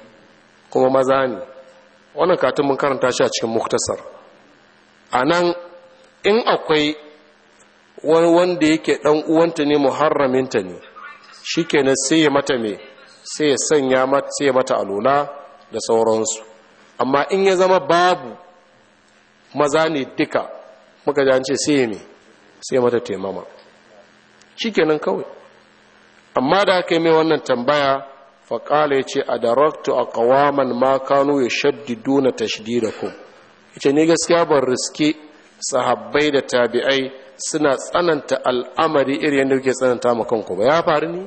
kuma maza ne wannan katin mun karanta shi a cikin muktasar a nan in akwai wani wanda yake dan uwanta ne muharraminta ne shikenan sai ya mata me sai ya sanya sai mata alula da sauransu amma in ya zama babu maza ne duka muka ji an ce sai ya me sai mata taimama shikenan kawai amma da aka yi mai wannan tambaya faƙala ya ce a daraktu a ƙawaman makano ya shaddidu na da ku ita ne gaskiya ban riske sahabbai da tabi'ai suna tsananta al'amari iri yadda kuke tsananta ma kanku ba ya faru ne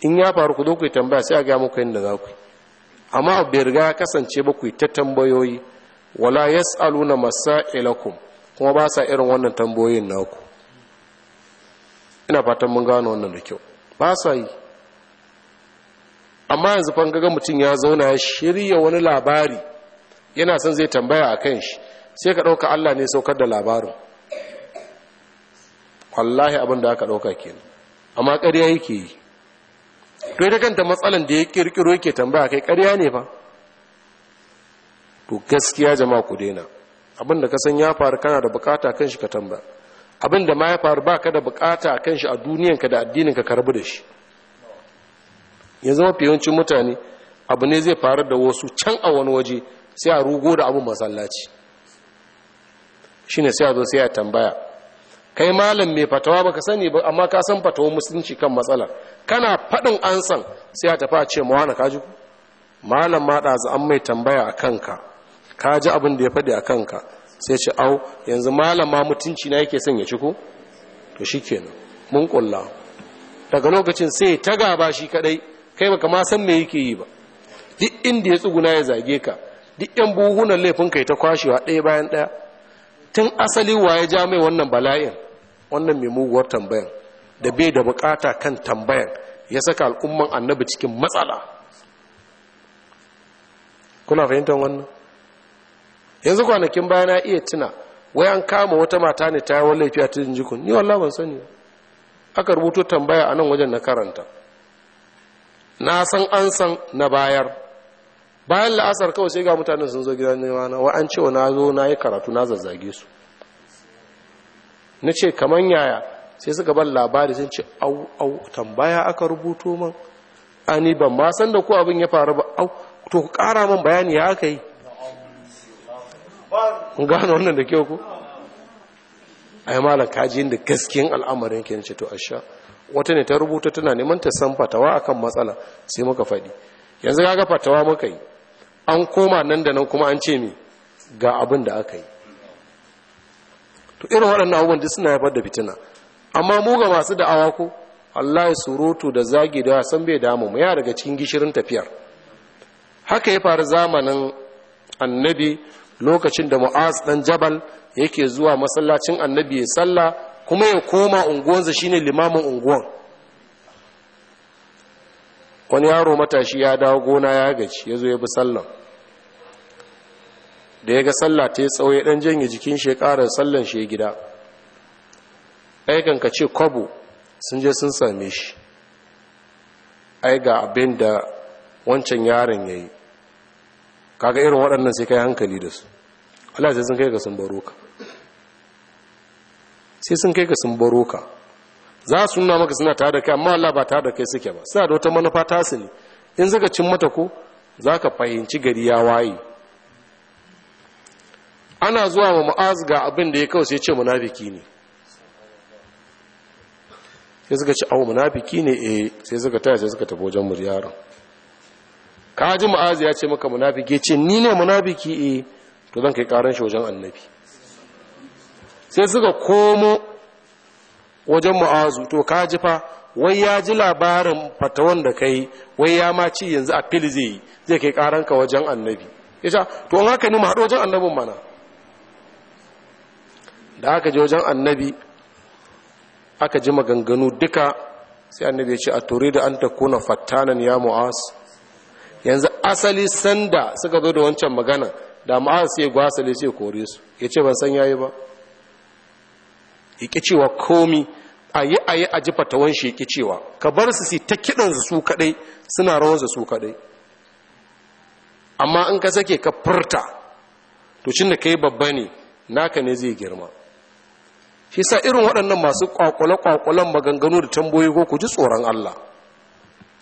in ya faru ku zo ku tambaya sai a ga muku yadda za ku amma abu bai riga kasance ba ku ta tambayoyi wala yas'aluna masailakum kuma ba sa irin wannan tambayoyin naku ina fatan mun gano wannan da kyau ba sa yi amma yanzu fa ga mutum ya zauna ya shirya wani labari yana son zai tambaya a kan shi sai ka ɗauka Allah ne saukar da labarin wallahi abin da aka ɗauka kenan amma ƙarya yake yi to ita kanta matsalan da ya kirkiro yake tambaya kai ƙarya ne fa to gaskiya jama'a ku daina abin da ka ya faru kana da bukata kan shi ka tambaya abin da ma ya faru ba ka da bukata kan shi a duniyanka da addinin ka rabu da shi yanzu mafi yawancin mutane abu ne zai faru da wasu can a wani waje sai a rugo da abin masallaci shine sai a zo sai a tambaya kai malam mai fatawa baka sani ba amma ka san fatawa musulunci kan matsalar kana faɗin an san sai a tafi a ce mawa na kaji malam ma ɗazu an mai tambaya a kanka ka ji abin da ya faɗi a kanka sai ce au yanzu malam ma mutunci na yake son ya ciko to shi kenan mun kulla daga lokacin sai ta gaba shi kadai kai baka ma san me yake yi ba duk inda ya tsuguna ya zage ka duk yan buhunan laifin kai ta kwashewa ɗaya bayan ɗaya tun asali wa ya ja mai wannan bala'in wannan mai muguwar tambayan da bai da bukata kan tambayan ya saka al'umman annabi cikin matsala kuna fahimtar wannan yanzu kwanakin baya na iya tuna wai an kama wata mata ne ta yawon laifi a cikin jikun ni wallah ban sani aka rubuto tambaya a nan wajen na karanta na san an san na bayar bayan la'asar kawai sai ga mutanen sun zo gidan nema wa an cewa na zo na yi karatu na zazzage su na ce kamar yaya sai suka ban labari sun ce au au tambaya aka rubuto man ani ban ma san da ko abin ya faru ba au to ku kara man bayani ya aka yi gano wannan da kyau ku ai malam kaji da gaskiyan al'amarin ke ce to asha wata ne ta rubuta tana neman ta san fatawa akan matsala sai muka faɗi yanzu kaga fatawa muka yi an koma nan da nan kuma an ce mi ga abin da aka yi to irin waɗannan abubuwan duk suna haifar da fitina amma mu ga masu da'awa ko ya surutu da zagi da san bai damu mu ya daga cikin gishirin tafiyar haka ya faru zamanin annabi lokacin da mu'az dan jabal yake zuwa masallacin annabi ya sallah kuma ya koma unguwansa shine limamin unguwan wani yaro matashi ya dawo gona ya gaci ya zo ya bi sallan da ya ga sallah ta yi tsawo ya ɗan janye jikin shi sallan shi gida aikan ka ce kwabo sun je sun same shi ai ga abin da wancan yaron ya yi kaga irin waɗannan sai kai hankali da su Allah sai sun kai ga sun baro ka sai sun kai ga sun baro ka za su nuna maka suna tare da kai amma Allah ba tare da kai suke ba suna da wata manufa tasu ne in suka cin mata ko za ka fahimci gari ya waye ana zuwa ma mu'az ga abin da ya kawo sai ce munafiki ne sai suka ci awu munafiki ne eh sai suka taya sai suka tafi wajen muryara ka ji mu'az ya ce maka munafiki ce ni ne munafiki eh to zan kai karan shi wajen annabi sai suka komo wajen mu'azu to ka ji fa wai ya ji labarin fatawan da kai wai ya ma ci yanzu a fili zai yi zai kai karanka wajen annabi yace to an haka ne mu haɗu wajen annabin mana da aka je wajen annabi aka ji maganganu duka sai annabi ya ce a turi da an takuna fattanan ya mu'az yanzu asali sanda suka zo da wancan magana da mu'az sai gwasale sai kore su ya ce ban san yayi ba Shekicewa cewa komi ayi ayi a ji fatawan shi cewa ka bar su su ta kidan su su kadai suna rawar su kadai amma in ka sake ka furta to cin da kai babba ne naka ne zai girma shi sa irin waɗannan masu kwakwale-kwakwalen maganganu da tamboyi ko ku ji tsoron Allah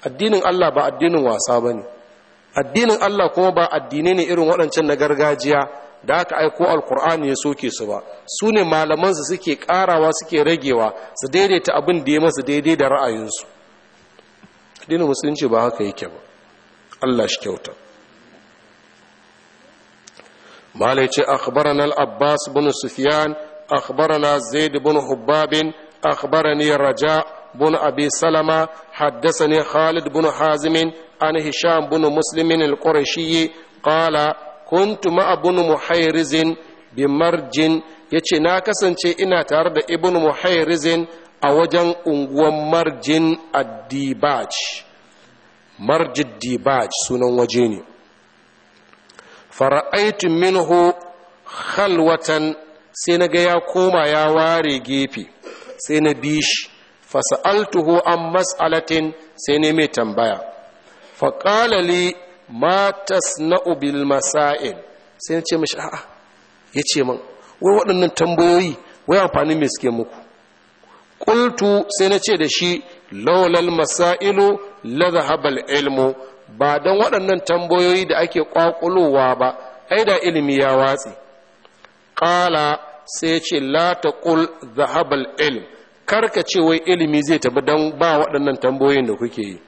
addinin Allah ba addinin wasa bane addinin Allah kuma ba addinai ne irin waɗancan na gargajiya da aka aiko alkur'ani ya soke su ba su ne malamansu suke karawa suke ragewa su daidaita abin da ya masu daidai da ra'ayinsu dina musulunci ba haka yake ba allah shi kyauta malai ce akhbarana al-abbas bin sufyan akhbarana zaid bin hubbab akhbarani raja bin abi salama haddathani khalid bin hazim an hisham bin muslim al-qurashi qala kuntu ma ibn muhairizin bi marjin yace na kasance ina tare da ibn muhairizin a wajen unguwan marjin addibaj marjid dibaj sunan waje ne fara'aitu minhu khalwatan sai na ga ya koma ya ware gefe sai na bi shi fasa'altuhu an mas'alatin sai ne mai tambaya faƙalali Matas na bil masa'il sai na ce mishi a'a ya ce min wai waɗannan tambayoyi wai amfani mai suke muku ƙultu sai na ce da shi laulal masailu la zahabal ilmu ba don waɗannan tambayoyi da ake ƙwaƙulowa ba ai da ilimi ya watsi ƙala sai ce la ta ƙul zahabal ilm karka ce wai ilimi zai tafi don ba waɗannan tambayoyin da kuke yi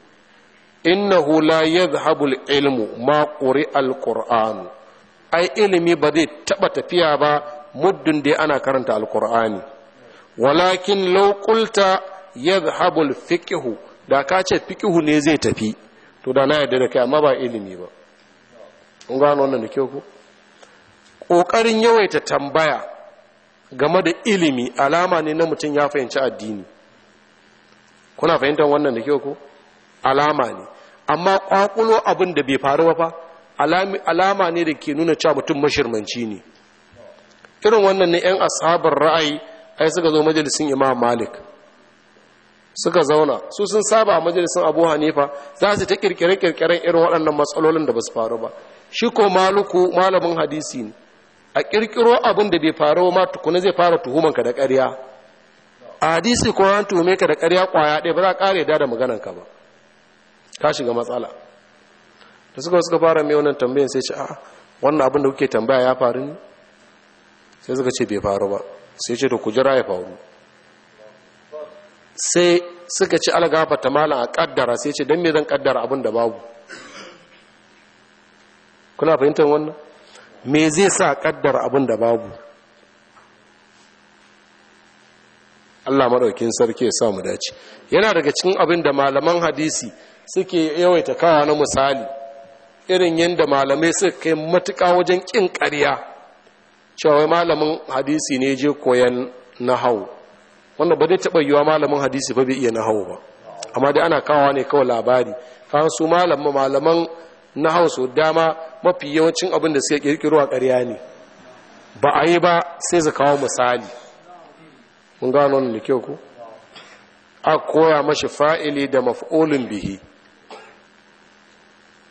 innahu la habul ilmu ma al alquran ai ilimi ba zai taɓa tafiya ba muddin dai ana karanta alqur'ani walakin law qulta yadhhabu alfiqhu da ka ce fiqhu ne zai tafi to da na yarda da kai amma ba ilimi ba kun gano wannan da kyau ko kokarin yawaita tambaya game da ilimi alama ne na mutum ya fahimci addini kuna fahimtar wannan da kyau ko alama ne amma kwakulo abin da bai faru ba alama ne da ke nuna cewa mutum mashirmanci ne irin wannan ne 'yan asabar ra'ayi ai suka zo majalisin imam malik suka zauna su sun saba a majalisin abu hanifa za su ta kirkire-kirkiren irin waɗannan matsalolin da ba su faru ba shi ko maluku malamin hadisi ne a kirkiro abin da bai faru ma tukuna zai fara tuhumanka da ƙarya a hadisi ko an tuhume ka da ƙarya ƙwaya ɗaya ba za a ƙare da da maganan ka ba ka shiga matsala da suka suka fara mai wannan tambayin sai ce a wannan abin da kuke tambaya ya faru ne sai suka ce bai faru ba sai ce da kujira ya faru sai suka ci algafa ta malam a kaddara sai ce don me zan kaddara abin da babu kuna fahimtar wannan me zai sa kaddara abin da babu Allah maɗaukin sarki ya samu dace yana daga cikin abin da malaman hadisi suke yawaita kawo na misali irin yadda malamai suka kai matuka wajen ƙin ƙarya cewa malamin hadisi ne je koyan nahau wanda ba dai taɓa yiwa malamin hadisi ba bai iya na hau ba amma dai ana kawo ne kawai labari kawo su malamma malaman nahau su dama mafi yawancin abin da suka kirkiru a ƙarya ne ba a yi ba sai su kawo misali mun gano wannan da kyau ko a koya mashi fa'ili da maf'ulun bihi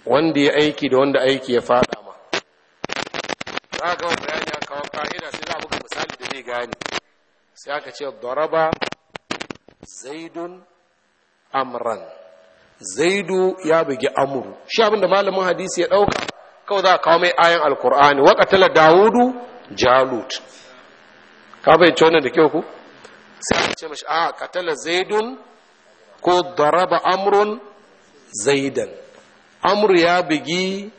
wanda ya aiki da wanda aiki ya fada ma za a gama bayani a kawo ka'ida sai za a buga misali da zai gane sai aka ce daraba zaidun amran zaidu ya bugi amuru shi abinda malamin hadisi ya ɗauka kawai za a kawo mai ayan alkur'ani wakatala dawudu jalut ka bai cewa da kyau ku sai aka ce mashi a katala zaidun ko daraba amrun zaidan amru ya bugi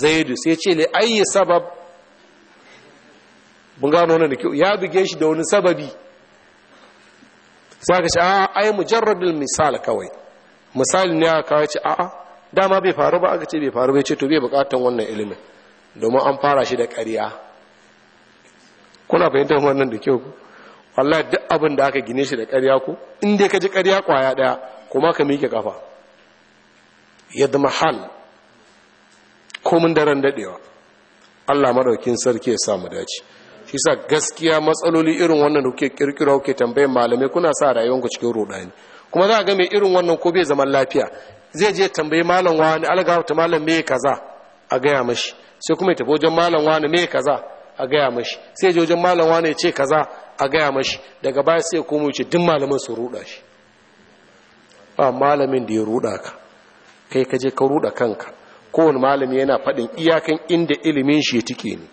zaidu sai ce ne ayi sabab mun gano wannan da kyau ya buge shi da wani sababi sai ka ce a ah, ai mujarrabul misal kawai misal ne aka ce a a dama bai faru ba aka ce bai faru bai ce to bai bukatan wannan ilimin domin an fara shi da ƙarya kuna fahimtar wannan da kyau wallahi duk abin da aka gine shi da ƙarya ko in dai ka ji ƙarya kwaya ɗaya kuma ka miƙe kafa ya zama hal komin daren daɗewa. Allah maɗaukin sarki ya samu dace shi sa gaskiya matsaloli irin wannan da kuke kirkiro kuke tambayin malamai kuna sa rayuwanku cikin rudani kuma za a game irin wannan ko bai zaman lafiya zai je tambayi malam wani algawa ta malam me kaza a gaya mashi sai kuma ya tafi wajen malam wani me kaza a gaya mashi sai je wajen malam wani ya ce kaza a gaya mashi daga baya sai ya komo ce duk malamin su ruda shi ba malamin da ya ruda ka kai ka je ka ruda kanka kowane malami yana faɗin iyakan inda ilimin shi ya tike ne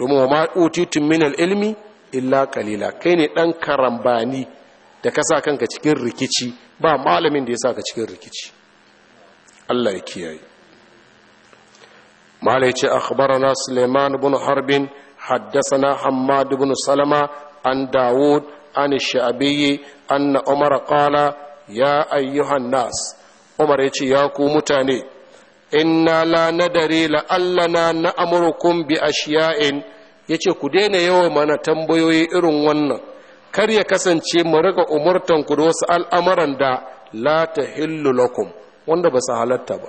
domin ma utitun min ilmi illa kalila kai ne dan karambani da ka sa kanka cikin rikici ba malamin da ya sa ka cikin rikici Allah ya kiyaye malai ce akhbarana Suleiman ibn Harbin haddathana حماد ibn Salama, an dawud an shabiyyi anna umar qala ya ayyuhan nas. umar ya ce ya ku mutane inna la nadari allana na amurkum bi ashiya'in ya ce ku daina yawa mana tambayoyi irin wannan kar ya kasance mu riga umurtan ku da wasu al'amuran da la ta lakum wanda ba su halatta ba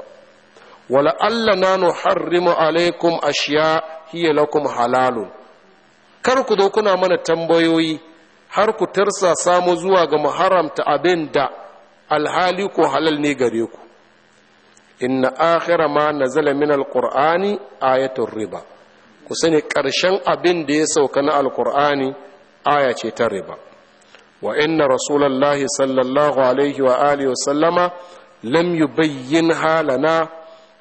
wala allana nuharrimu alaikum ashiya hiya lakum halalun kar ku zo kuna mana tambayoyi har ku tarsa samu zuwa ga mu haramta abin da alhali ko halal ne gare ku inna akhira ma nazala min alqur'ani ayatul riba ku sani ƙarshen abin da ya sauka na alqur'ani aya ce ta riba wa inna rasulullahi sallallahu alaihi wa alihi wa sallama lam yubayyin halana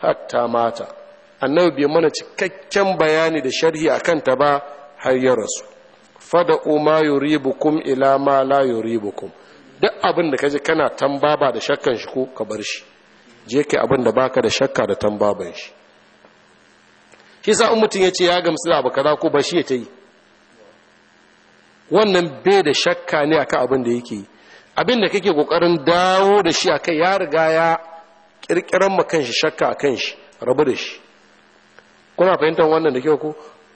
hatta mata annabi bai mana cikakken bayani da sharhi akan ta ba har ya rasu fada ma yuribukum ila ma la yuribukum duk abin da kaji kana tambaba da shakkan shi ko ka bar shi je kai abin da baka da shakka da tambaban shi shi sa in mutum ya ce ya gamsu da abu kaza ko ba shi ya ta yi wannan bai da shakka ne akan abin da yake abin da kake kokarin dawo da shi akai ya riga ya kirkiran ma kanshi shakka akan shi rabu da shi kuna fahimtar wannan da kyau ko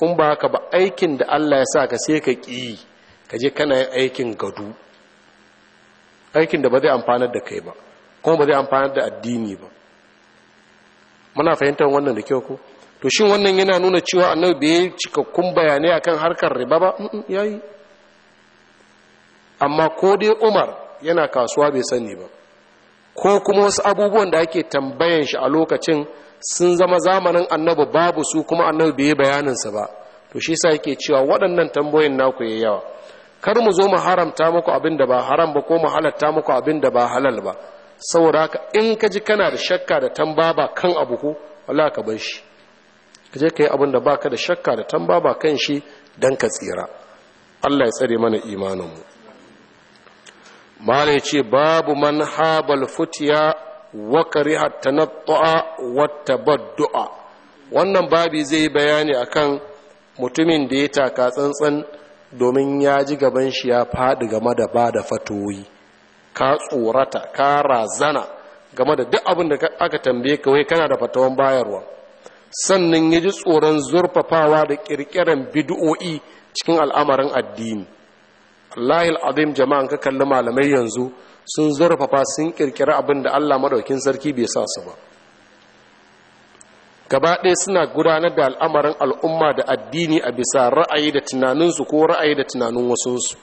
in ba haka ba aikin da Allah ya sa ka sai ka ki ka je kana yin aikin gado. aikin da ba zai amfanar da kai ba kuma ba zai amfanar da addini ba muna fahimtar wannan da kyau ko to shin wannan yana nuna cewa annabi bai cikakkun bayanai akan harkar riba ba yayi amma ko dai Umar yana kasuwa bai sani ba ko kuma wasu abubuwan da ake tambayan shi a lokacin sun zama zamanin annabi babu su kuma annabi bai bayanin sa ba to shi yasa yake cewa waɗannan tambayoyin naku yayi yawa kar mu zo mu haramta muku abin da ba haram ba ko mu halatta muku abin da ba halal ba saboda ka in ka ji kana da shakka da tamba ba kan abu ko Allah ka bar shi ka je ka yi abin da baka da shakka da tamba ba kan shi dan ka tsira Allah ya tsare mana imanin mu malai ce babu man habal futiya wa kariha tanattu'a wa tabaddu'a wannan babi zai bayani akan mutumin da ya taka tsantsan domin ya ji gaban shi ya faɗi game da ba da fatoyi ka tsorata ka razana game da duk abin da aka tambaye ka wai kana da fatawan bayarwa sannan ya ji tsoron zurfafawa da ƙirƙiran bid'o'i cikin al'amarin addini Allahil azim jama'an ka kalli malamai yanzu sun zurfafa sun ƙirƙiri abin da Allah maɗaukin sarki bai sa su ba gaba ɗaya suna gudanar da al'amarin al'umma da addini a bisa ra'ayi da tunaninsu ko ra'ayi da tunanin wasunsu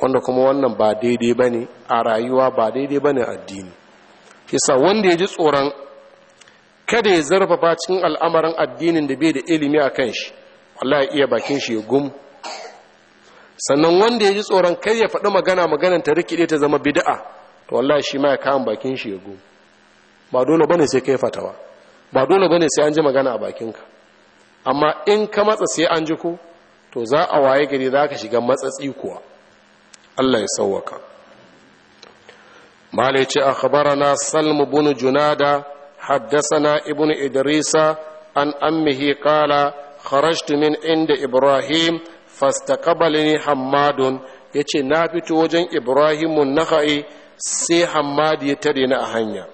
wanda kuma wannan ba daidai ba ne a rayuwa ba daidai ba ne addini Kisa wanda ya ji tsoron kada ya ba cikin al'amarin addinin da bai da ilimi a kan shi wallahi iya bakin shi ya gum sannan wanda ya ji tsoron kai ya faɗi magana maganan ta rikide ta zama bid'a to wallahi shi ma ya kama bakin shi ya gum ba dole bane sai kai fatawa ba dole ba ne sai an ji magana a bakinka amma in ka matsa sai an ji ko to za a waye gari za ka shiga matsatsi kuwa Allah ya sauwaka malai ce akhbarana salm bunu junada حدثنا ابن idrisa an ammihi kala خرجت min inda ibrahim فاستقبلني hammadun yace na fito wajen ibrahim naka'i sai hammadi ya tare ni a hanya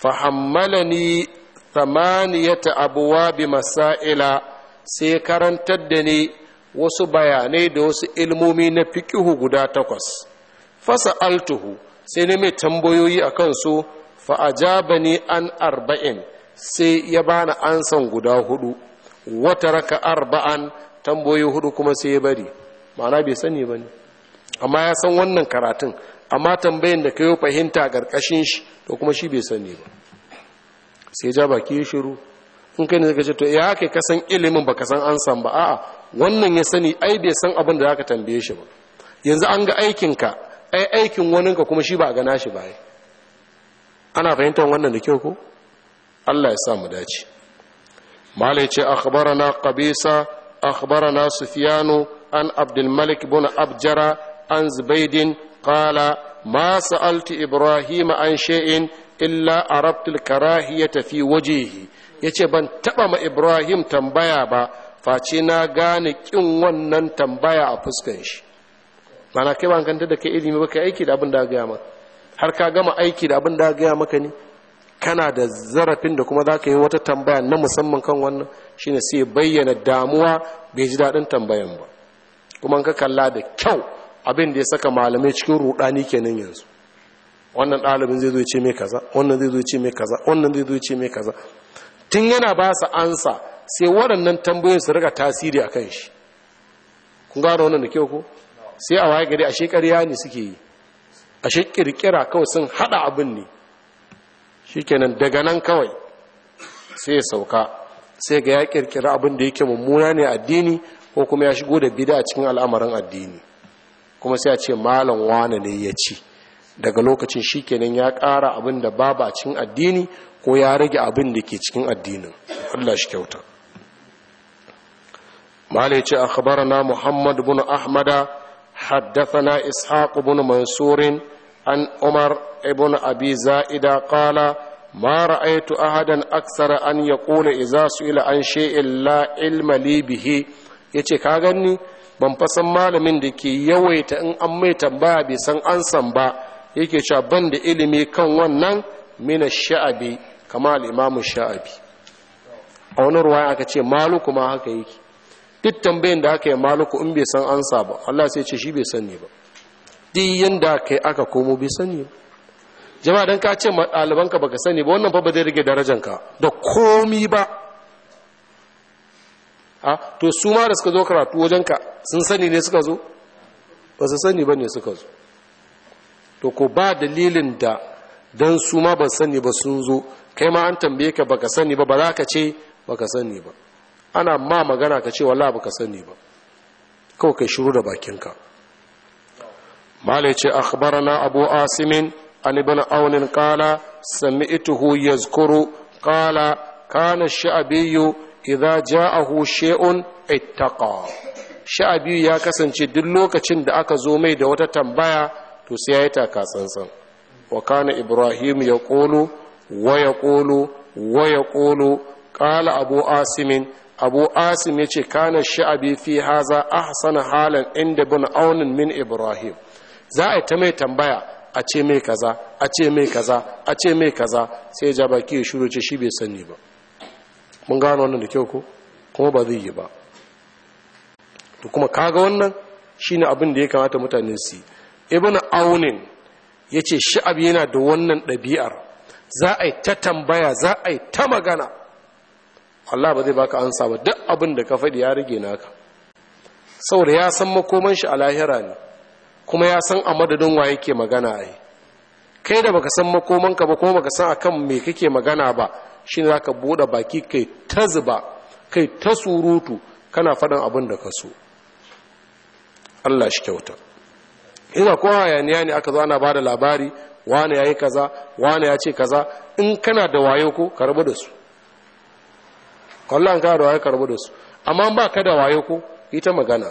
Fa hammalani thamaniyata abwabi masaila sai karantar da ni wasu bayanai da wasu ilmomi na fikihu guda takwas fasa altuhu sai na mai tambayoyi a kansu fa ajabani an arba'in sai ya bani ansan guda hudu wata raka arba'an tambayoyi hudu kuma sai ya bari ma'ana bai sani ba ne amma ya san wannan karatun amma tambayin da ka yi fahimta a ƙarƙashin shi to kuma shi bai sani ba sai ja baki shiru in kai ne zaka ce to ya haka ka san ilimin ba ka san an san ba a'a wannan ya sani ai bai san abin da zaka tambaye shi ba yanzu an ga aikin ka ai aikin wani ka kuma shi ba gana shi ba ana fahimtar wannan da kyau ko Allah ya sa mu dace malai ce akhbarana qabisa akhbarana sufyanu an abdul malik ibn abjara an zubaidin qala ma sa'altu ibrahima an shay'in illa arabtul karahiyata fi wajehi yace ban taba ma ibrahim tambaya ba face na gane kin wannan tambaya a fuskan shi mana kai ban kanta da kai ilimi ba kai aiki da abin da ga maka har ka gama aiki da abin da ga maka ne kana da zarafin da kuma zaka yi wata tambaya na musamman kan wannan shine sai bayyana damuwa bai ji dadin tambayan ba kuma ka kalla da kyau abin da ya saka malamai cikin rudani kenan yanzu wannan ɗalibin zai zo mai kaza wannan zai zo mai kaza wannan zai zo mai kaza tun yana ba su ansa sai waɗannan tambayoyin su riga tasiri a kan shi kun gano wannan da kyau ko sai a waye gari a ƙarya ne suke yi shekar kira kawai sun haɗa abin ne shikenan daga nan kawai sai ya sauka sai ga ya kirkira abin da yake mummuna ne addini ko kuma ya shigo da bida a cikin al'amarin addini kuma sai a ce malam wane ne ya ci daga lokacin shi kenan ya ƙara abin da babu a cikin addini ko ya rage abin da ke cikin addinin Allah shi kyauta mala ce na muhammad bin ahmada Haddasa na ishaq bin mansurin an umar ibn abi za'ida qala ما رأيت أحدا an أن يقول إذا سئل an شيء illa ilmali لي Ya yace ka ganni ban fasan malamin da ke yawaita in an mai tambaya bai san ansan ba yake cewa ban da ilimi kan wannan mina sha'abi kama al'imamu sha'abi a wani ruwa aka ce maluku ma haka yake duk tambayin da aka yi maluku in bai san ansa ba Allah sai ce shi bai sani ba duk yanda aka yi aka komo bai sani ba jama'a dan ka ce ɗalibanka baka sani ba wannan fa ba zai rage darajanka da komi ba a to su ma da suka zo karatu wajenka sun sani ne suka zo ba su sani ba ne suka zo to ko ba dalilin da don su ma ba sani ba sun zo kai ma an tambaye ka baka sani ba ba za ka ce baka sani ba ana ma magana ka ce ba baka sani ba kawai kai shiru da bakinka malice ce akhbarana abu asimin an ibn aunin kala sami'tuhu yazkuru kala kana sha'biyyu idza ja'ahu shay'un ittaqa sha'abi ya kasance duk lokacin da aka zo mai da wata tambaya to sai ya yi taka tsantsan wa kana ibrahim ya kolo wa ya ƙolo wa ya ƙolo ƙala abu asimin abu asim ya ce kana sha'abi fi haza ahsana halan inda bin aunin min ibrahim za a yi ta mai tambaya a ce mai kaza a ce mai kaza a ce mai kaza sai ja baki ya shuru ce shi bai sani ba mun gano wannan da kyau ko kuma ba zai yi ba to kuma kaga wannan shi ne abin da ya kamata mutane su yi. ibn aunin ya ce sha'ab yana da wannan ɗabi'ar za a yi ta tambaya za a yi ta magana Allah ba zai baka ansa ba duk abin da ka faɗi ya rage naka saboda ya san makoman shi a lahira ne kuma ya san a madadin wa yake magana a yi kai da baka san makomanka ba kuma baka san akan me kake magana ba shine zaka bude baki kai ta zuba kai ta surutu kana faɗin abin da ka so Allah shi kyauta ina ko hayaniya ne aka zo ana ba da labari wane ya yi kaza wane ya ce kaza in kana da wayo ko ka rabu da su kwallon ka da wayo ka rabu da su amma ba ka da wayo ko ita magana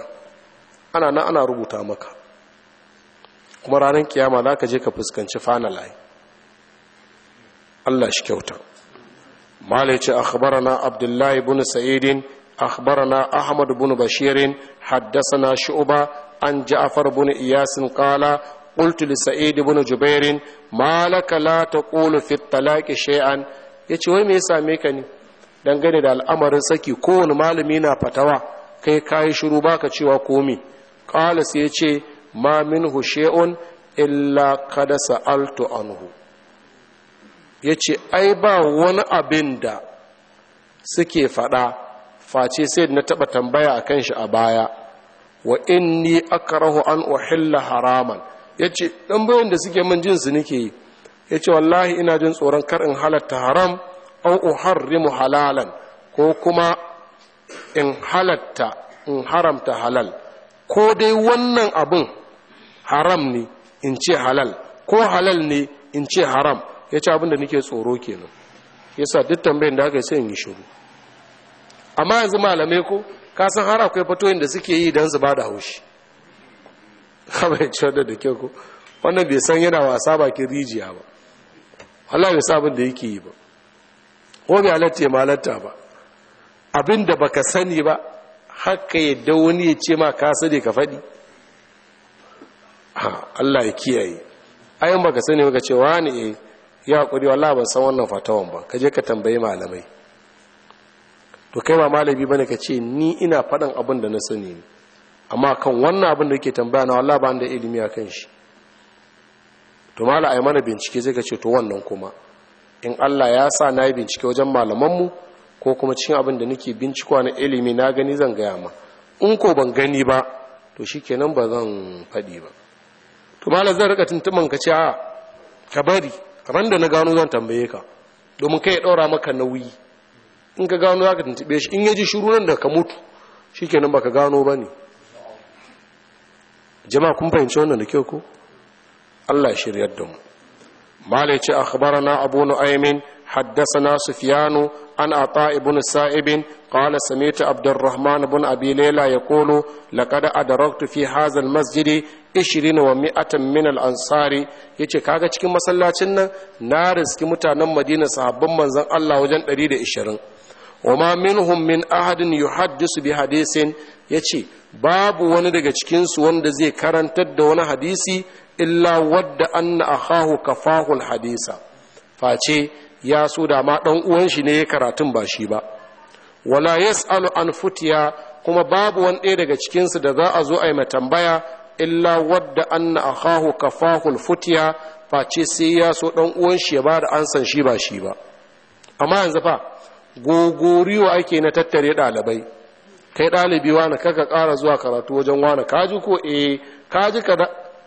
ana nan ana rubuta maka kuma ranar kiyama za ka je ka fuskanci fana layi Allah shi kyauta malice akhbarana abdullahi bin sa'idin ahmad bin Bashirin, Haddasa na Shu'uba. an ja'far ibn iyas qala qultu li sa'id ibn jubair ma laka la taqulu fi talaqi shay'an yace wai me ya same ka ne dangane da al'amarin saki kowane malami na fatawa kai kayi shiru baka cewa komi qala sai yace ma minhu shay'un illa kada sa'altu anhu yace ai ba wani abin da suke fada face sai na taba tambaya akan shi a baya wa inni akrahu an uhilla haraman yace dan bayan da suke min jin su nake yace wallahi ina jin tsoron kar in halatta haram aw uharrimu halalan ko kuma in halatta in haramta halal ko dai wannan abun haram ne in ce halal ko halal ne in ce haram yace abin da nake tsoro kenan yasa duk tambayin da aka yi sai in yi shiru amma yanzu malamai ko ka san har akwai fatoyin da suke yi don su ba da haushi kamar cewa da kyau wannan bai san yana wasa bakin rijiya ba Allah bai sabon da yake yi ba ko bai halatta ya malatta ba abin da baka sani ba haka yadda wani ya ce ma ka sani ka faɗi ha Allah ya kiyaye ayin baka sani ka ce wani ya hakuri wallahi ban san wannan fatawan ba ka je ka tambayi malamai to kai ma malami bane ka ce ni ina faɗan abin da na sani ne amma kan wannan abin da yake tambaya na wallahi ba da ilimi a kan shi to mala ai mana bincike zai ka ce to wannan kuma in Allah ya sa na yi bincike wajen malaman mu ko kuma cikin abin da nake bincikowa na ilimi na gani zan gaya ma in ko ban gani ba to shikenan ba zan faɗi ba to mala zan rika tuntuman ka ce a ka bari kamar da na gano zan tambaye ka domin kai ya ɗaura maka nauyi in ka gano za ka tuntube shi in yaji shuru nan da ka mutu shi kenan ba ka gano ba ne jama'a kun fahimci wannan da kyau ko allah shiryar da mu mala ce a khabara na abu na aimin haddasa na sufiyanu an a ta sa'ibin kawai Samitu Abdulrahman bin abilela ya kolo laƙada a darakta fi hazal masjidi ishirin wa mi'atan min al'ansari ya ce kaga cikin masallacin nan na riski mutanen madina sabbin manzan allah wajen ɗari da ishirin wa ma minhum min ahadin yuhaddisu bi hadisin yace babu wani daga cikin su wanda zai karantar da wani hadisi illa wadda anna akahu kafahul hadisa face ya so da ma dan uwan shi ne ya karatun ba shi ba wala yasalu an futiya kuma babu wani ɗaya daga cikin su da za a zo a yi tambaya illa wadda anna akahu kafahul futiya face sai ya so dan uwan shi ya ba da ansan shi ba shi ba amma yanzu fa gogoriyo ake na tattare ɗalibai kai ɗalibi wani kaka ƙara zuwa karatu wajen wani kaji ko eh kaji ka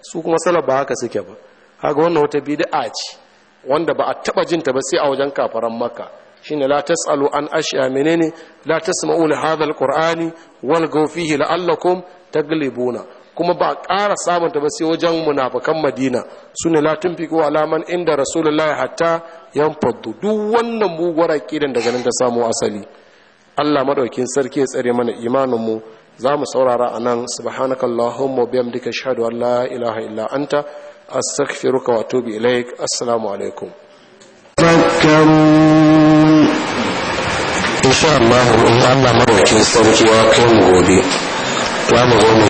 su kuma salaf ba haka suke ba haka wannan wata bid'a ce wanda ba a taba jinta ba sai a wajen kafaran makka shine la tasalu an ashya menene la tasma'u li hadha alqur'ani wal fihi la'allakum taglibuna kuma ba ƙara samunta ba sai wajen munafukan madina su ne latin fi kowa alaman inda rasulullah hatta yan faddu duk wannan muguwar aƙidan daga nan ta samo asali allah madaukin sarki ya tsare mana imaninmu za mu saurara a nan subhanaka allahumma duka shahadu an la ilaha illa anta astaghfiruka wa atubu ilaik assalamu alaikum insha Allah in Allah madaukin sarki ya kai mu gobe za mu zo